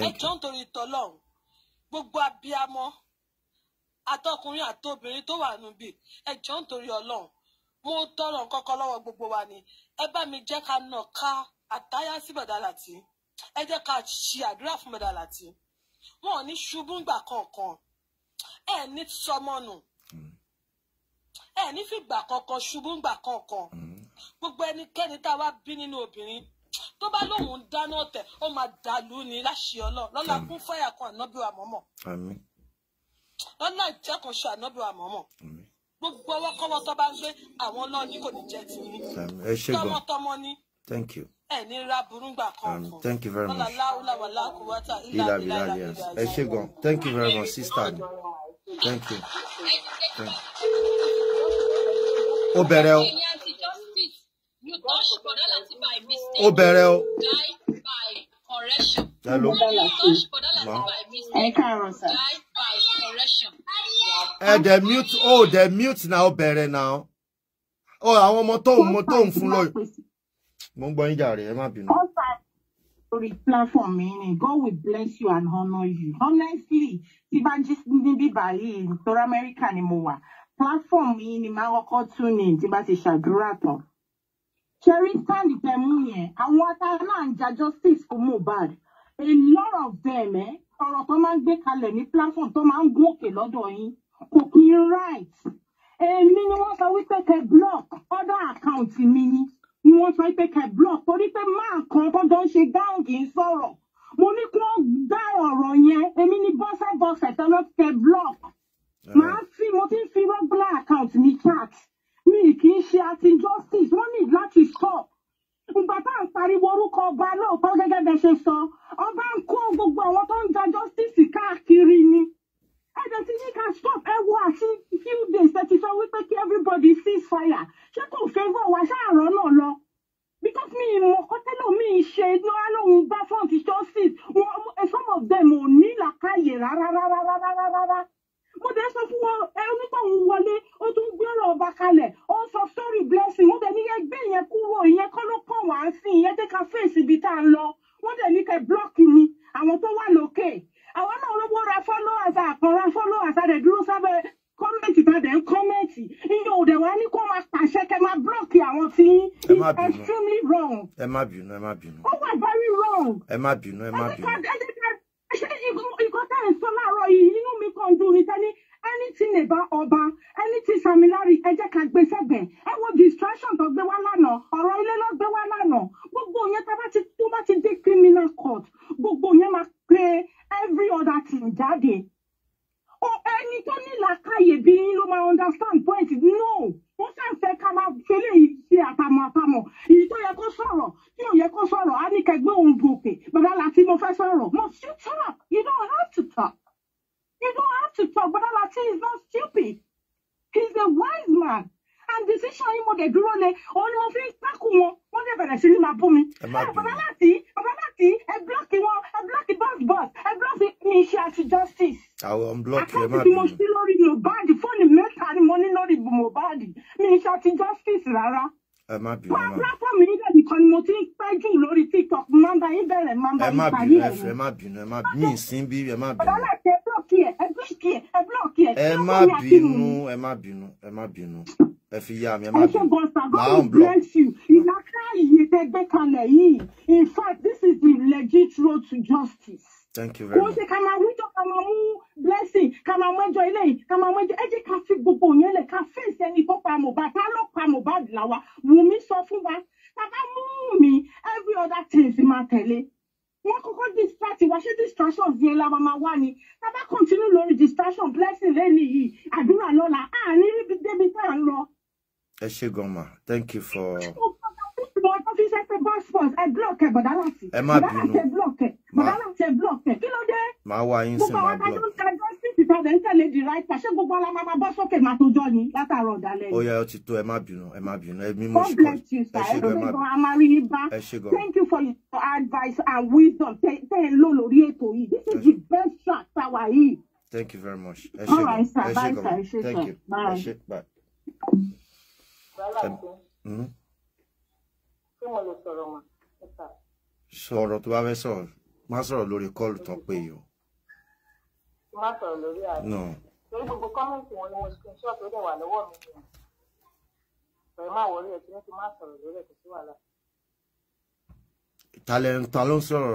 ẹ jọ ń torí tọlọ́run gbogbo abiyamọ àtọkùnrin àtobìnrin tó wà níbí ẹ jọ ń torí ọlọ́run mo tọrọ nǹkan kan lọ́wọ́ gbogbo wa ni ẹ bá mi jẹ́ ká nà ká àtáyá sí bọ̀dá láti ẹ jẹ́ ká ṣe àdúrà fún bọ̀dá láti wọn ò ní ṣubú ńgbà kankan ẹ ní sọmọnù ẹ ní fìgbà kankan ṣubú ńgbà kankan gbogbo ẹnikẹ́ni tá a wá bí nínú obìnrin tó bá lóun dáná tẹ̀ ó máa dàlú ni láṣìí ọlọ́ lọ́la kún fáyà kan ànábì wa mọ́mọ́ lọ́la ìjẹ́kànṣe ànábì wa mọ́mọ́ gbogbo ọwọ́kọ́wọ́ tó bá ń gbé àwọn ọlọ́ọ̀ni kò ní jẹ́ tìyín tọmọtọmọ ni. Thank you ẹni ra burúngbà kan fún. Um, thank you very much. ilà ilà yes ẹ ṣé gan thank you very much sister mi thank you. ó bẹ̀rẹ̀ o. ó Hello. o. Hello. Ẹ káàárọ̀ sá. Ẹ dẹ̀ mute, oh dẹ̀ mute na ó bẹ̀rẹ̀ na. Ó àwọn ọmọ tóun mọ tóun fún lọ́yọ̀ mo ń gbọ́ yín jàre ẹ má bínú. all time platform mi ni God will bless you and honor you honestly tí bá jí níbí báyìí torí Amẹ́ríkà ni mo wà platform mi ni máa kọ́kọ́ tún ní tí bá ti ṣàdúrà tán. ṣeré stand pẹ̀mú yẹn àwọn atara náà ń ja justice for Mohbad a lot of them eh, ọ̀rọ̀ tó máa ń gbé kalẹ̀ platform tó máa ń gún òkè lọ́dọ̀ yín kò kí ń right èmi ni wọ́n sọ wípé kẹ́ block other account mi yín ni wọ́n sọ pé kẹ́ block torí pé máa kan tọ́jọ́ ń ṣe gáàngì ń sọ̀rọ̀ mo ní kí wọ́n dá ọ̀rọ̀ yẹn èmi ní bọ́sẹ̀ bọ́sẹ̀ tọ́lọ́ kẹ́ block màá fi mo ti ń fi regular account mi chat mi kì í ṣe àti justice wọ́n ní láti stop ìgbà tá à ń pariwo orúkọ ọba lóòótọ́ gẹ́gẹ́ bẹ́ẹ̀ ṣe sọ ọba ń kó gbogbo àwọn tó ń ja justice káàkiri ni. I don't think ní can stop ẹ wo àti few days that ti sọ wípé kí everybody cease fire ṣé favor, favour wá run náà lọ because me, hotel mọ kọ́tẹ́lọ̀ mi ṣe lọ́wọ́ lóhun bá front justice And eh, some of them ò ní làkàyè ra ra ra ra ra ra ra ra. But ẹ nípa òun wọlé ó tún gbọ́rọ̀ ọba kalẹ̀ ó sọ story blessing mo dẹ̀ ní yẹn gbé yẹn kúrò ìyẹn kọ́ ló kàn wá sí ìyẹn tẹ́ka fèsì ibi tá a lọ wọ́n dẹ̀ ní kẹ́ blọ́ọ̀kì me. I want to lókè. Okay àwọn náà rówó ra followers àkànra followers àdè dúró sábẹ́ kọ́mẹ̀ntì tàdé ń iye òde wa ní kó máa pàṣẹ kẹ máa búlọ̀kì àwọn tí it's extremely wrong. ẹ má bínú ẹ má bínú. ó wà very wrong. ẹ má bínú ẹ má bínú. ṣé ìkọ́tà ẹ̀ sọ láàárọ̀ yìí inú mi kàn ń dùn ìtẹ́ni anything about ọba anything samilari ẹ jẹ́ ká gbé sẹ́gbẹ̀ ẹ wo distraction tó gbé wá lánàá ọ̀rọ̀ ilé ló gbé wá lánàá gbogbo yẹn tó bá ti dé criminal court gbogbo yẹn máa gbé every other thing jáde o ẹni tó ní làákàyè bí yín ló máa understand point no wọ́n ṣàǹfẹ́ ká máa fẹ́lẹ̀ yìí ṣe àtàmọ̀ àtàmọ̀ èyí tó yẹ kó sọ̀rọ̀ tí ò yẹ kó sọ̀rọ̀ á ní kẹgbẹ́ òun gòkè bàbá láti mo fẹ́ sọ̀rọ̀ mo shut up you don't have to talk you don't have to talk bàbá láti is not stupid he is a wise man and decision yìí mo dẹ̀ dúró lé òun ni mo fi ń pákó wọn wọ́n dẹ̀ bẹ̀rẹ̀ sí ní máa bú mi. bàbá láti bàbá Láti ẹ blọọkì wọn ẹ blọọkì bus bus ẹ blọọkì mi ṣe àti justice. àwọn blọọkì ẹ má bínú. àkáǹtì tí mo ṣí lórí The fóònù mẹ́ta ni mo ní body. Mohbad mi ṣe àti justice rárá. ẹ má bínú máa. platform yìí dẹ̀ nìkan ni mo ti ń pẹ́ jù lórí TikTok máa ń bá yín in fact this is the legit road to justice. Thank you very much. Kò ṣe ká máa blessing ká máa mẹ́jọ ilé yìí ká máa mẹ́jọ ẹ jẹ́ ká fi gbogbo yẹn lẹ̀ pa Mohbad pa Mohbad làwa Wùmí sọ fún wa bàbá every other thing fi máa tẹ̀lé wọn kọ́kọ́ distract wa ṣé distraction fi ẹ lábá máa wá continue lórí distraction blessing lẹ́nu yìí àdúrà lọ́la àní débi tá à ń lọ ẹ ṣe thank you for. ẹ má bínú máa wá yín sí máa blọ. ó yá ó ti tó ẹ má bínú ẹ má bínú ẹ mímú ṣe kọ ẹ ṣe gọ ẹ má bínú ẹ ṣe gọ. thank you for your advice and wisdom this is the best track tàwa thank you very much. ẹ ṣe gọ ẹ ṣe gọ thank you ẹ ṣe bye. Hmm? sọ̀rọ̀ tó bá fẹ́ sọ̀rọ̀ má sọ̀rọ̀ lórí kọ́ọ̀lù tán pé yìí o. má sọ̀rọ̀ lórí àná. torí gbogbo kọ́mẹ̀ntì wọn ni mo ṣe ṣọ́ tó dẹ̀ wà lọ́wọ́ mi ni pẹ̀lú má wọlé ẹ̀ tí wọ́n ti má sọ̀rọ̀ lórí ẹ̀ kò sí wàhálà. ta lẹ ta ló ń sọ̀rọ̀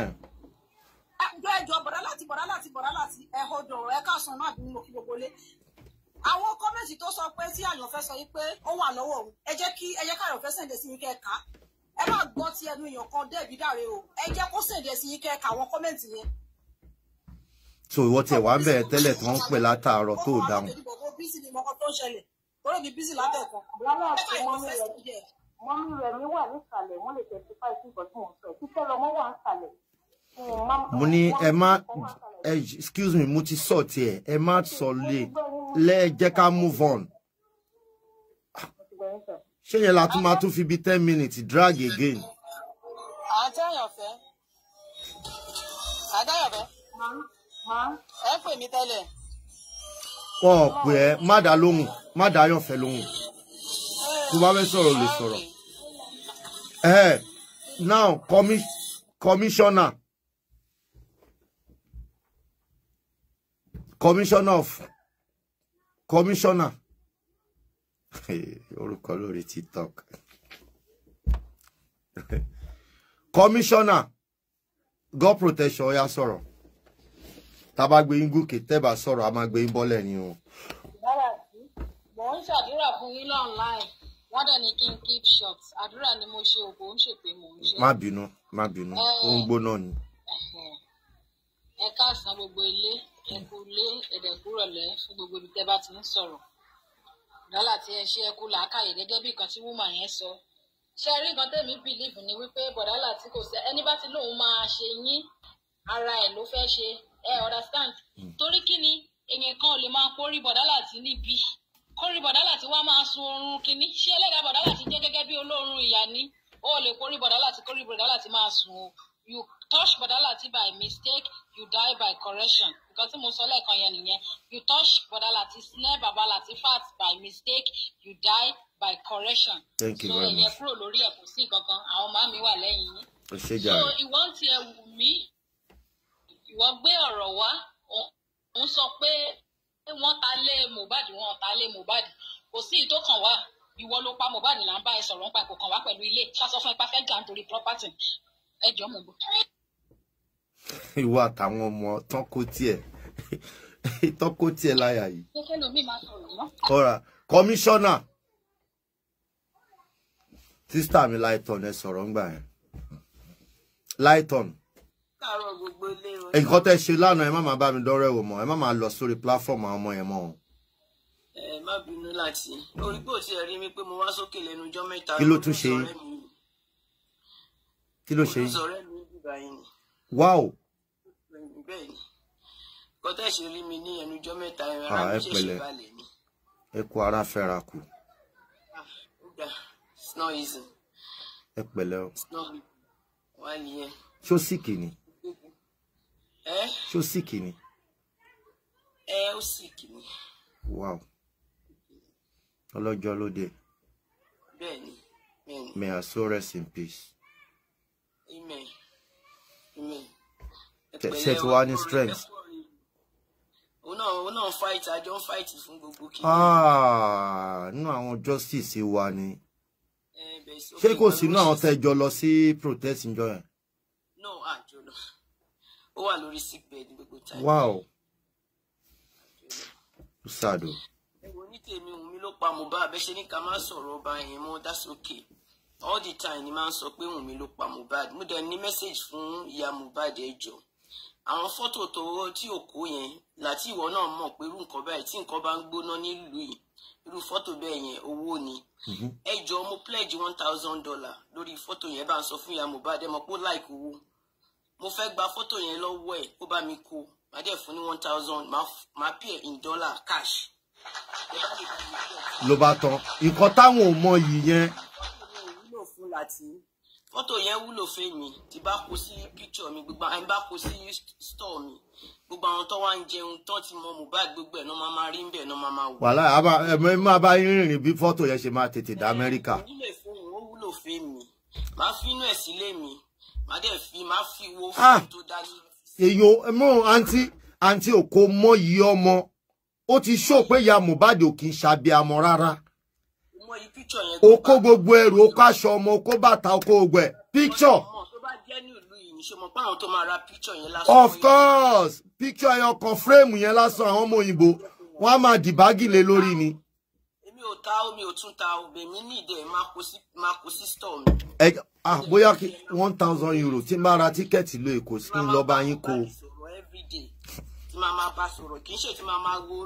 ẹjọ́ ẹjọ́ bọ̀dá láti bọ̀dá láti bọ̀dá láti ẹ̀ ọdọ̀ ẹ̀ káàsán náà bí mo fi gbogbo lé àwọn kọ́mẹ̀ntì tó sọ pé tí àyànfẹ́ sọ yìí pé ó wà lọ́wọ́ òun ẹ jẹ́ kí ẹ jẹ́ ká àyànfẹ́ sẹ̀ǹdẹ̀ sí yín kẹ́ẹ̀ka ẹ má gbọ́ ti ẹnu èèyàn kan dẹ́ẹ̀bí dàre o ẹ jẹ́ kó sẹ̀ǹdẹ̀ sí yín kẹ́ẹ̀ka àwọn kọ́mẹ̀ntì yẹn. so ìwọ tiẹ̀ wá bẹ̀rẹ̀ tẹ́lẹ̀ tí wọ́n pè látàárọ̀ tó o dáhùn. mọ́mí rẹ̀ mi wà nísàlẹ̀ wọ́n lè tẹ̀sífà Mm, mo ní ẹ má excuse me mo ti sọ tiẹ̀ ẹ má sọ lè lẹ́ jẹ́ ká move on ṣé yẹn la tún máa tún fi bí ten minutes drag again. àtẹ̀yànfẹ́ àtẹ̀yànfẹ́ ẹ pè mí tẹ́lẹ̀. wọn ò pè ẹ́ má dá lóhùn má dá yànfẹ́ lóhùn tó bá fẹ́ sọ̀rọ̀ lè sọ̀rọ̀. now commissioner commissioner of commissioner [LAUGHS] orúkọ lórí tiktok [LAUGHS] commissioner god protection Oya sọ̀rọ̀ tá a bá gbé yín gòkè tẹ́ bá sọ̀rọ̀ a máa gbé yín bọ́lẹ̀ ni o. bàbá tí mò ń ṣàdúrà fún yín online wọ́n dẹ̀ ní kí n keep short àdúrà ni mo ṣe ògbó ń ṣèpè mò ń ṣe. má bínú má bínú ó ń gbóná ni ẹ káàsán gbogbo ilé ẹ kú ilé ẹdẹ kúrò lẹ fún gbogbo ibi tẹ́ bá ti ń sọ̀rọ̀ lọ́la tí ẹ ṣe ẹ kú làákàyè gẹ́gẹ́ bí nǹkan tí wúmà yẹn sọ ṣe rí nǹkan tẹ̀mí bìlíìfù ni wípé bọ̀dálà tí kò sẹ́ ẹni bá ti lóun máa ṣe yín ara ẹ̀ ló fẹ́ ṣe ẹ understand hmm. torí kí ni èèyàn kan ò lè máa kórí bọ̀dálà tí níbi kórí bọ̀dálà tí wàá máa sun oorun kínní ṣé ẹlẹ́dàá bọ̀dálà tí jẹ́ gẹ́gẹ́ bí olóorun ìyá ni ó lè kórí bọ̀dálà tí kórí bọ̀dálà tí máa sun o you touch Bọ̀dálàtì by mistake you die by correction nǹkan tí mo sọ lẹ́ẹ̀kan yẹn nìyẹn you touch Bọ̀dálàtì snare Baba Latifat by mistake you die by correction. thank you so, very much so ẹ̀yẹ kúrò lórí ẹ̀ kò sí kankan àwọn màá mi wà lẹ́yìn yín. so ìwọ ti ẹ wù mí ìwọ gbé ọ̀rọ̀ wá òun sọ pé wọ́n ta lé Mohbad wọ́n ta lé Mohbad kò sí ìtókàn wá ìwọ ló pa Mohbad là ń bá ẹ sọ̀rọ̀ ń pa kò kàn wá pẹ̀lú ilé sásọ fún ipa fẹ́ jà nítorí property ẹjọ́ mọ̀ bọ̀. ìwọ àtàwọn ọmọ tán kó tiẹ̀ tán kó tiẹ̀ láyà yìí. kẹ́kẹ́ lomi máa sọ̀rọ̀ mọ́. kọ́ra kọmíṣánná sísítà mi láìtọ̀n ẹ sọ̀rọ̀ ńgbà yẹn láìtọ̀n nǹkan tẹ́ ṣe lánàá ẹ má máa bá mi dọ́rẹ́ wò mọ́ ẹ má máa lọ sórí platform àwọn ọmọ yẹn mọ́ o ẹ má bínú láti orí pé ò ti rí mi pé mo wá sókè lẹ́nu ọjọ́ mẹ́ta kí ló tún kí ló ṣe yìí. olùsọ̀rẹ́ mi bẹ́ẹ̀ ni kọ́tà ah, ẹ kú ara fẹ́ra kù. Ah, it's not easy. ẹ pẹ̀lẹ́ o. it's not wà nìyẹn. ṣó síkì ni. ẹ. ṣó síkì ni. ẹ ó síkì ni. wáò ọlọ́jọ́ ló dé. bẹ́ẹ̀ ni. May her soul rest in peace ṣe ti wá ní strength. òun náà òun náà fight I don't fight fún gbogbo kí. nínú ah, àwọn justice wa ni ṣé kò sínú àwọn tẹjọ lọ sí protest njọ yẹn. no I lọ ó wà lórí sick bed gbogbo time. wow Sado. sàdó. ẹ̀wọ̀n ní tèmi òun mi ló pa Mohbad abẹ́ṣẹ́ ní ká má sọ̀rọ̀ ọba yẹn mọ́ that's okay all the time ni máa ń sọ pé Wùnmí ló pa Mohbad mo dẹ̀ ní message fún ìyá Mohbad ẹ jọ àwọn fọ́tò tó tí ò kó yẹn láti ìwọ náà mọ̀ pé irú nǹkan báyìí tí nǹkan bá ń gbóná nílùú yìí irú fọ́tò bẹ́ẹ̀ yẹn owó ni mm-hmm. ẹ jọ mo pledge one thousand dollar lórí fọ́tò yẹn bá ń sọ fún ìyá Mohbad ẹ mọ̀ pé ó like owó mo fẹ́ gba fọ́tò yẹn lọ́wọ́ ẹ̀ kó bá mi kó má dẹ̀ fún ní one thousand má pay in dollar cash. ló bá tán nǹkan táwọn ò mọ yìí yẹn bá ti ní. fọ́tò yẹn wúlò fẹ́mi tí bá kó sí píkṣọ̀ mi gbogbo àwọn bá kó sí stọ̀ mi gbogbo àwọn tó wá ń jẹun tó ti mọ Mohbad gbogbo ẹ̀ náà máa rí bẹ́ẹ̀ náà máa wò. wàhálà ẹ máa bá rìnrìn bí fọ́tò yẹn ṣe máa tètè dá Amẹ́ríkà. ó wúlò fẹ́mi máa fínú ẹ̀ sílé mi máa dẹ̀ fi máa fi wo ah! fún tó dá ní. èyí ò mọ àǹtí àǹtí ò o kó gbogbo ẹrù o kó aṣọ ọmọ o kó bàtà o kó gbogbo ẹ of course picture ẹyọ kan fírèmù yẹn lásán àwọn ọmọ òyìnbó wọn á máa dìbágì lé lórí ni. èmi ò ta omi ò tún ta omi èmi ní ìdẹ̀ máa kó sí store mi. ẹ ah bóyá one thousand euro tí n bá ra tíkẹ́ẹ̀tì lọ Èkó ń lọ bá yín kó máa máa bá sọ̀rọ̀ kì í ṣe tí máa máa wo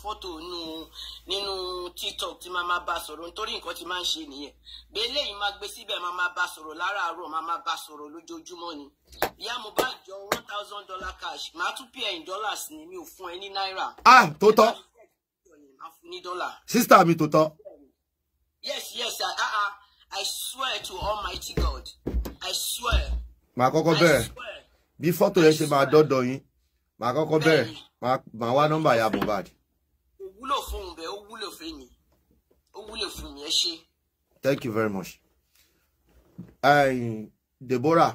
fọ́tò nínú nínú tiktok tí máa máa bá sọ̀rọ̀ nítorí nǹkan tí máa ń ṣe nìyẹn bẹ́ẹ̀ lẹ́yìn máa gbé síbẹ̀ máa máa bá sọ̀rọ̀ láràárọ̀ máa máa bá sọ̀rọ̀ lójoojúmọ́ ni ìyá mo bá jọ one thousand dollar cash màá tún pay in dollars ni mi ò fún ẹ ní náírà. a ah, tó tọ́ sísítà mi tó tọ́. yes yes I, uh, I swear to Almighty God I swear. màá kọ́kọ́ bẹ̀rẹ̀ bí fọ́tò yẹn ṣe máa dọ́dọ̀ yín màá kọ́kọ́ bẹ̀rẹ̀ màá wá nọ́mbà ya Mohbad. ó wúlò fún un bẹ́ẹ̀ ó wúlò fún mi ó wúlò mi ẹ thank you very much. I, Deborah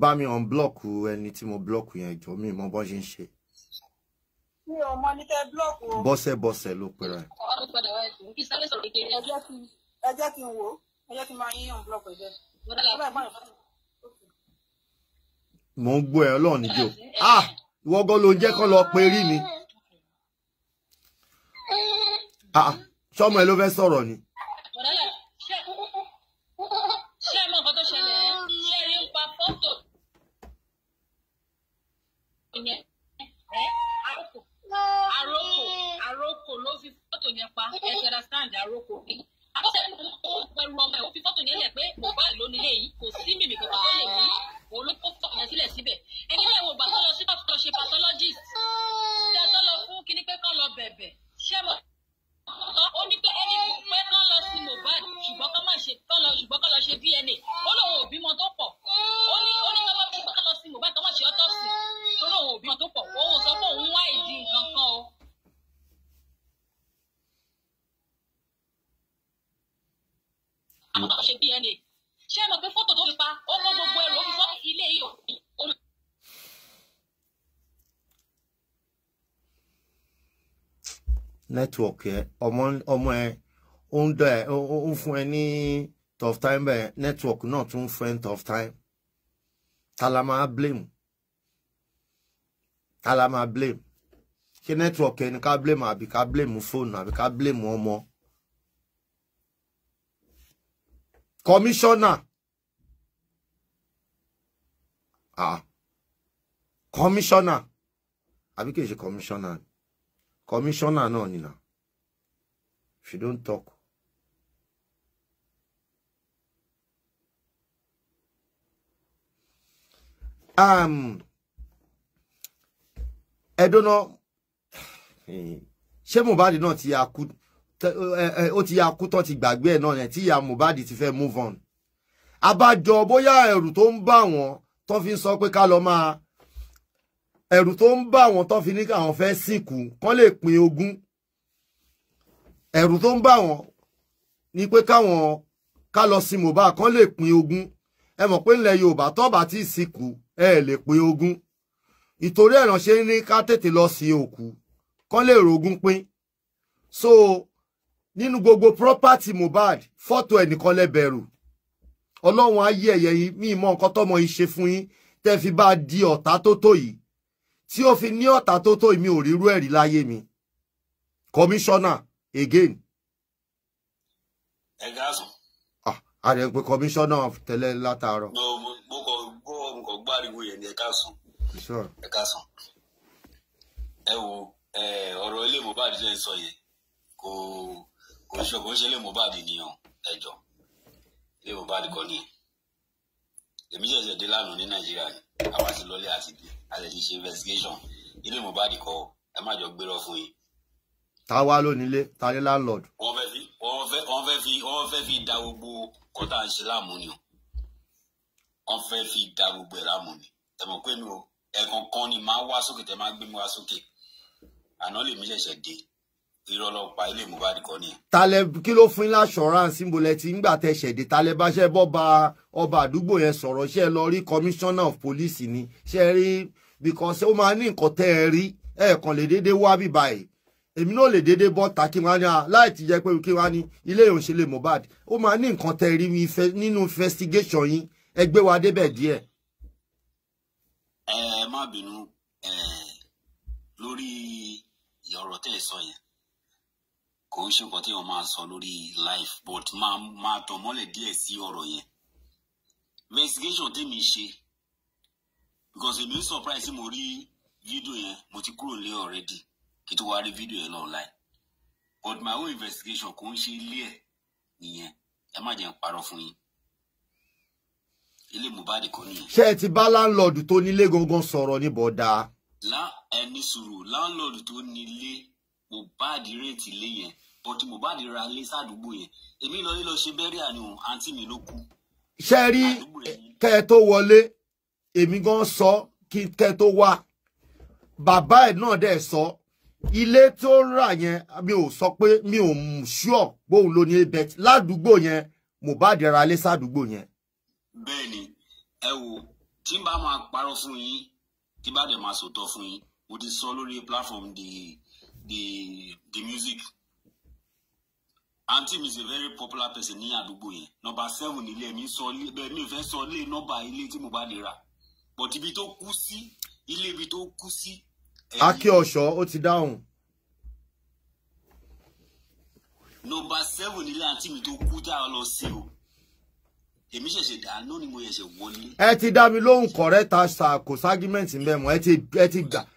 bá mi unblock ẹni tí mo block yẹn jọ mi mọ bó ṣe ń mi ò mọ ní fẹ́ block o. bọ́sẹ̀ bọ́sẹ̀ ló pera ẹ̀. ọ̀rọ̀ padà wá ẹ̀sìn kí sáré sọ̀rọ̀ kékeré. ẹ jẹ́ kí n wò ó ẹ jẹ́ kí n máa yín unblock ẹ̀ bẹ́ẹ̀ mò ń gbọ́ ẹ ọlọ́run níjó ah ìwọ gan ló ń jẹ́ kó lọ pe rí mi ah sọmọ ẹ ló fẹ́ sọ̀rọ̀ ni. àròkò àròkò ló fi fọ́tò yẹn pa ẹ ṣẹlẹ̀ stand àbọ̀sẹ̀ ó pẹ̀lú ọmọ ẹ̀ ó fi fọ́tò yẹn lẹ̀ pé bàbá ló nílé yìí kò sí mímì kankan tó lè yí òun ló sílẹ̀ síbẹ̀ ẹni náà wò bàtọ́ lọ sí tọ́kítọ́ ṣe pathologist tẹ́tọ́ lọ fún kíní pé kán lọ bẹ̀bẹ̀ ṣé mo ó ní pé ẹni kò pé kán lọ sí Mohbad ṣùgbọ́n kán má ṣe kán lọ ṣùgbọ́n kán lọ ṣe DNA ó lóun ò bímọ tó pọ̀ ó ní ó ní kán lọ sí Mohbad kán má ṣe autopsy tó lóun ò bímọ tó pọ̀ àwọn tó ṣe dna ṣé ẹ mọ̀ pé fọ́tò tó fi pa ó kó gbogbo ẹrù ó fi fọ́ ilé yìí ó lọ. network yẹ ọmọ ọmọ ẹ ó ń dọ ó ń fún ẹ ní tough time bẹ́ẹ̀ network náà tún fún ẹ ní tough time Talama blame Talama blame ṣé network ẹni ká blame àbí ká blame fóònù àbí ká blame ọmọ. kọmíṣọ́nà ah kọmíṣọ́nà àbí kìí ṣe kọmíṣọ́nà kọmíṣọ́nà náà nìyà she don talk um ẹdọnà [SIGHS] ṣé Mohbad náà ti akú ó ti ya kú tán ti gbàgbé ẹ̀ náà tí ìyá Mohbad ti fẹ́ move on abájọ bóyá ẹ̀rù tó ń bà wọ́n tó fi ń sọ pé ká lọ máa ẹ̀rù tó ń bà wọ́n tó fi ní káwọn fẹ́ sìnkú kán lè pín ogún ẹ̀rù tó ń bà wọ́n ni pé káwọn ká lọ sin Mohbad kán lè pín ogún ẹ mọ̀ pé ńlẹ̀ Yorùbá tó bá ti sìnkú ẹ lè pín ogún ìtorí ẹ̀ràn ní ká tètè lọ sí òkú kán lè rogún pín so nínú gbogbo property Mohbad fọ́tò ẹnìkan lẹ́bẹ̀rù ọlọ́run ayé ẹ̀yẹ yìí mí mọ nǹkan tọ́mọ yìí ṣe fún yín tẹ́ fi bá di ọ̀tá tó tó yìí tí ó fi ní ọ̀tá tó tó yìí mi ò rírú ẹ̀rí láyé mi kọmíṣánná again. ẹ gáàsùn. Ah, a rẹ̀ pé kọmíṣánná tẹ́lẹ̀ látàárọ̀. mo kọ gbọ́ mo kọ gbáriwo yẹn ni ẹ káàsùn. ẹ káàsùn. ẹ wo ọ̀rọ̀ ilé Mohbad jẹ́ sọ yẹn kò oṣù kò ń ṣe lè Mohbad nìyàn ẹjọ lè Mohbad kọ nìyẹn èmi ṣẹ̀ṣẹ̀ dé lánàá ní Nàìjíríà ni àwa ti lọlé àti àti ti ṣe investigation ilé Mohbad kọ ẹ má jọ gbérọ fún yín. ta wá lónílé ta ní landlord. wọ́n fẹ́ fi wọ́n fẹ́ wọ́n fẹ́ fi wọ́n fẹ́ fi da gbogbo kọ́tà ń ṣe láàmú ni o wọ́n fẹ́ fi da gbogbo ẹ̀ láàmú ni tẹ̀mọ̀ pé mi o ẹ̀ẹ̀kan kan ni máa wá sókè tẹ̀ máa gbé mi wá sókè àná lèmi ṣẹ̀ṣẹ̀ dé irọ́ lọ pa ilé Mohbad kọ́ ni. talẹ kí ló fún yín láṣọránsì níbo lẹ ti ń gbà tẹ ṣẹ̀dẹ̀ talẹ bá bọ́ ba ọba àdúgbò yẹn sọ̀rọ̀ ṣe lọ rí commissioner of police ni ṣe rí because ó máa ní nǹkan tẹ́ ẹ rí ẹ̀ẹ̀kan lè déédéé wá bí báyìí èmi náà lè déédéé bọ́ ta kí wọ́n á ní a ah, láì ti jẹ́ pé kí wọ́n á ní ilé ìròṣèlè Mohbad ó máa ní nǹkan tẹ́ ẹ rí nínú investigation yín ẹ gbé wa débẹ̀ díẹ̀. ẹ má bínú lórí ọ̀rọ̀ tẹ́ ẹ sọ yẹn kò ń ṣe nǹkan tí wọ́n máa sọ lórí life but máa máa tàn mọ́lẹ̀ díẹ̀ sí ọ̀rọ̀ yẹn investigation tèmi ṣe because èmi ń surprise tí mo rí fídíò yẹn mo ti kúrò lé already kí tó wá rí fídíò yẹn lọ́ọ̀ láì but my own investigation kò ń ṣe ilé ẹ̀ nìyẹn ẹ má jẹ́ n parọ́ fún yín ilé Mohbad kọ́ nìyẹn. ṣé ẹ ti bá láńlọ́ọ̀dù tó nílé gangan sọ̀rọ̀ ní bọ̀dá. lá ẹni sùúrù láńlọ́ọ̀dù tó nílé Mohbad rèétí ilé yẹn but Mohbad ra ilé sádùúgbò yẹn èmi lọ yí lọ ṣe bẹ́ríà ni òun àǹtí mi ló kú. ṣe rí kẹ tó wọlé èmi gan sọ kí kẹ tó wá bàbá ẹ náà dẹ sọ ilé tó rà yẹn mi ò sọ pé mi ò sure bóun ló ní ebet ládùúgbò yẹn Mohbad ra ilé sádùúgbò yẹn. bẹ́ẹ̀ni ẹ wo tí n bá máa parọ́ fún yín tí bá dẹ máa sòtọ fún yín mo ti sọ lórí platform di. The the the music Antim is a very popular person ní àdúgbò yẹn nọ́mbà seven ilé mi sọ bẹ́ẹ̀ mi fẹ́ sọ ilé nọ́mbà ilé tí mo bá lè rà but ibi tó kú sí ilé ibi tó kú sí. akí ọ̀ṣọ́ ó ti dáhùn. nọ́mbà seven ilé àǹtí mi tó kú tá a lọ sí o èmi ṣẹ̀ṣẹ̀ dáná ni mo ṣẹ̀ṣẹ̀ wọlé. ẹ ti dá mi lóhùn kọ̀rẹ́ta ṣàkóso argument ń bẹ̀ ẹ ti gbà.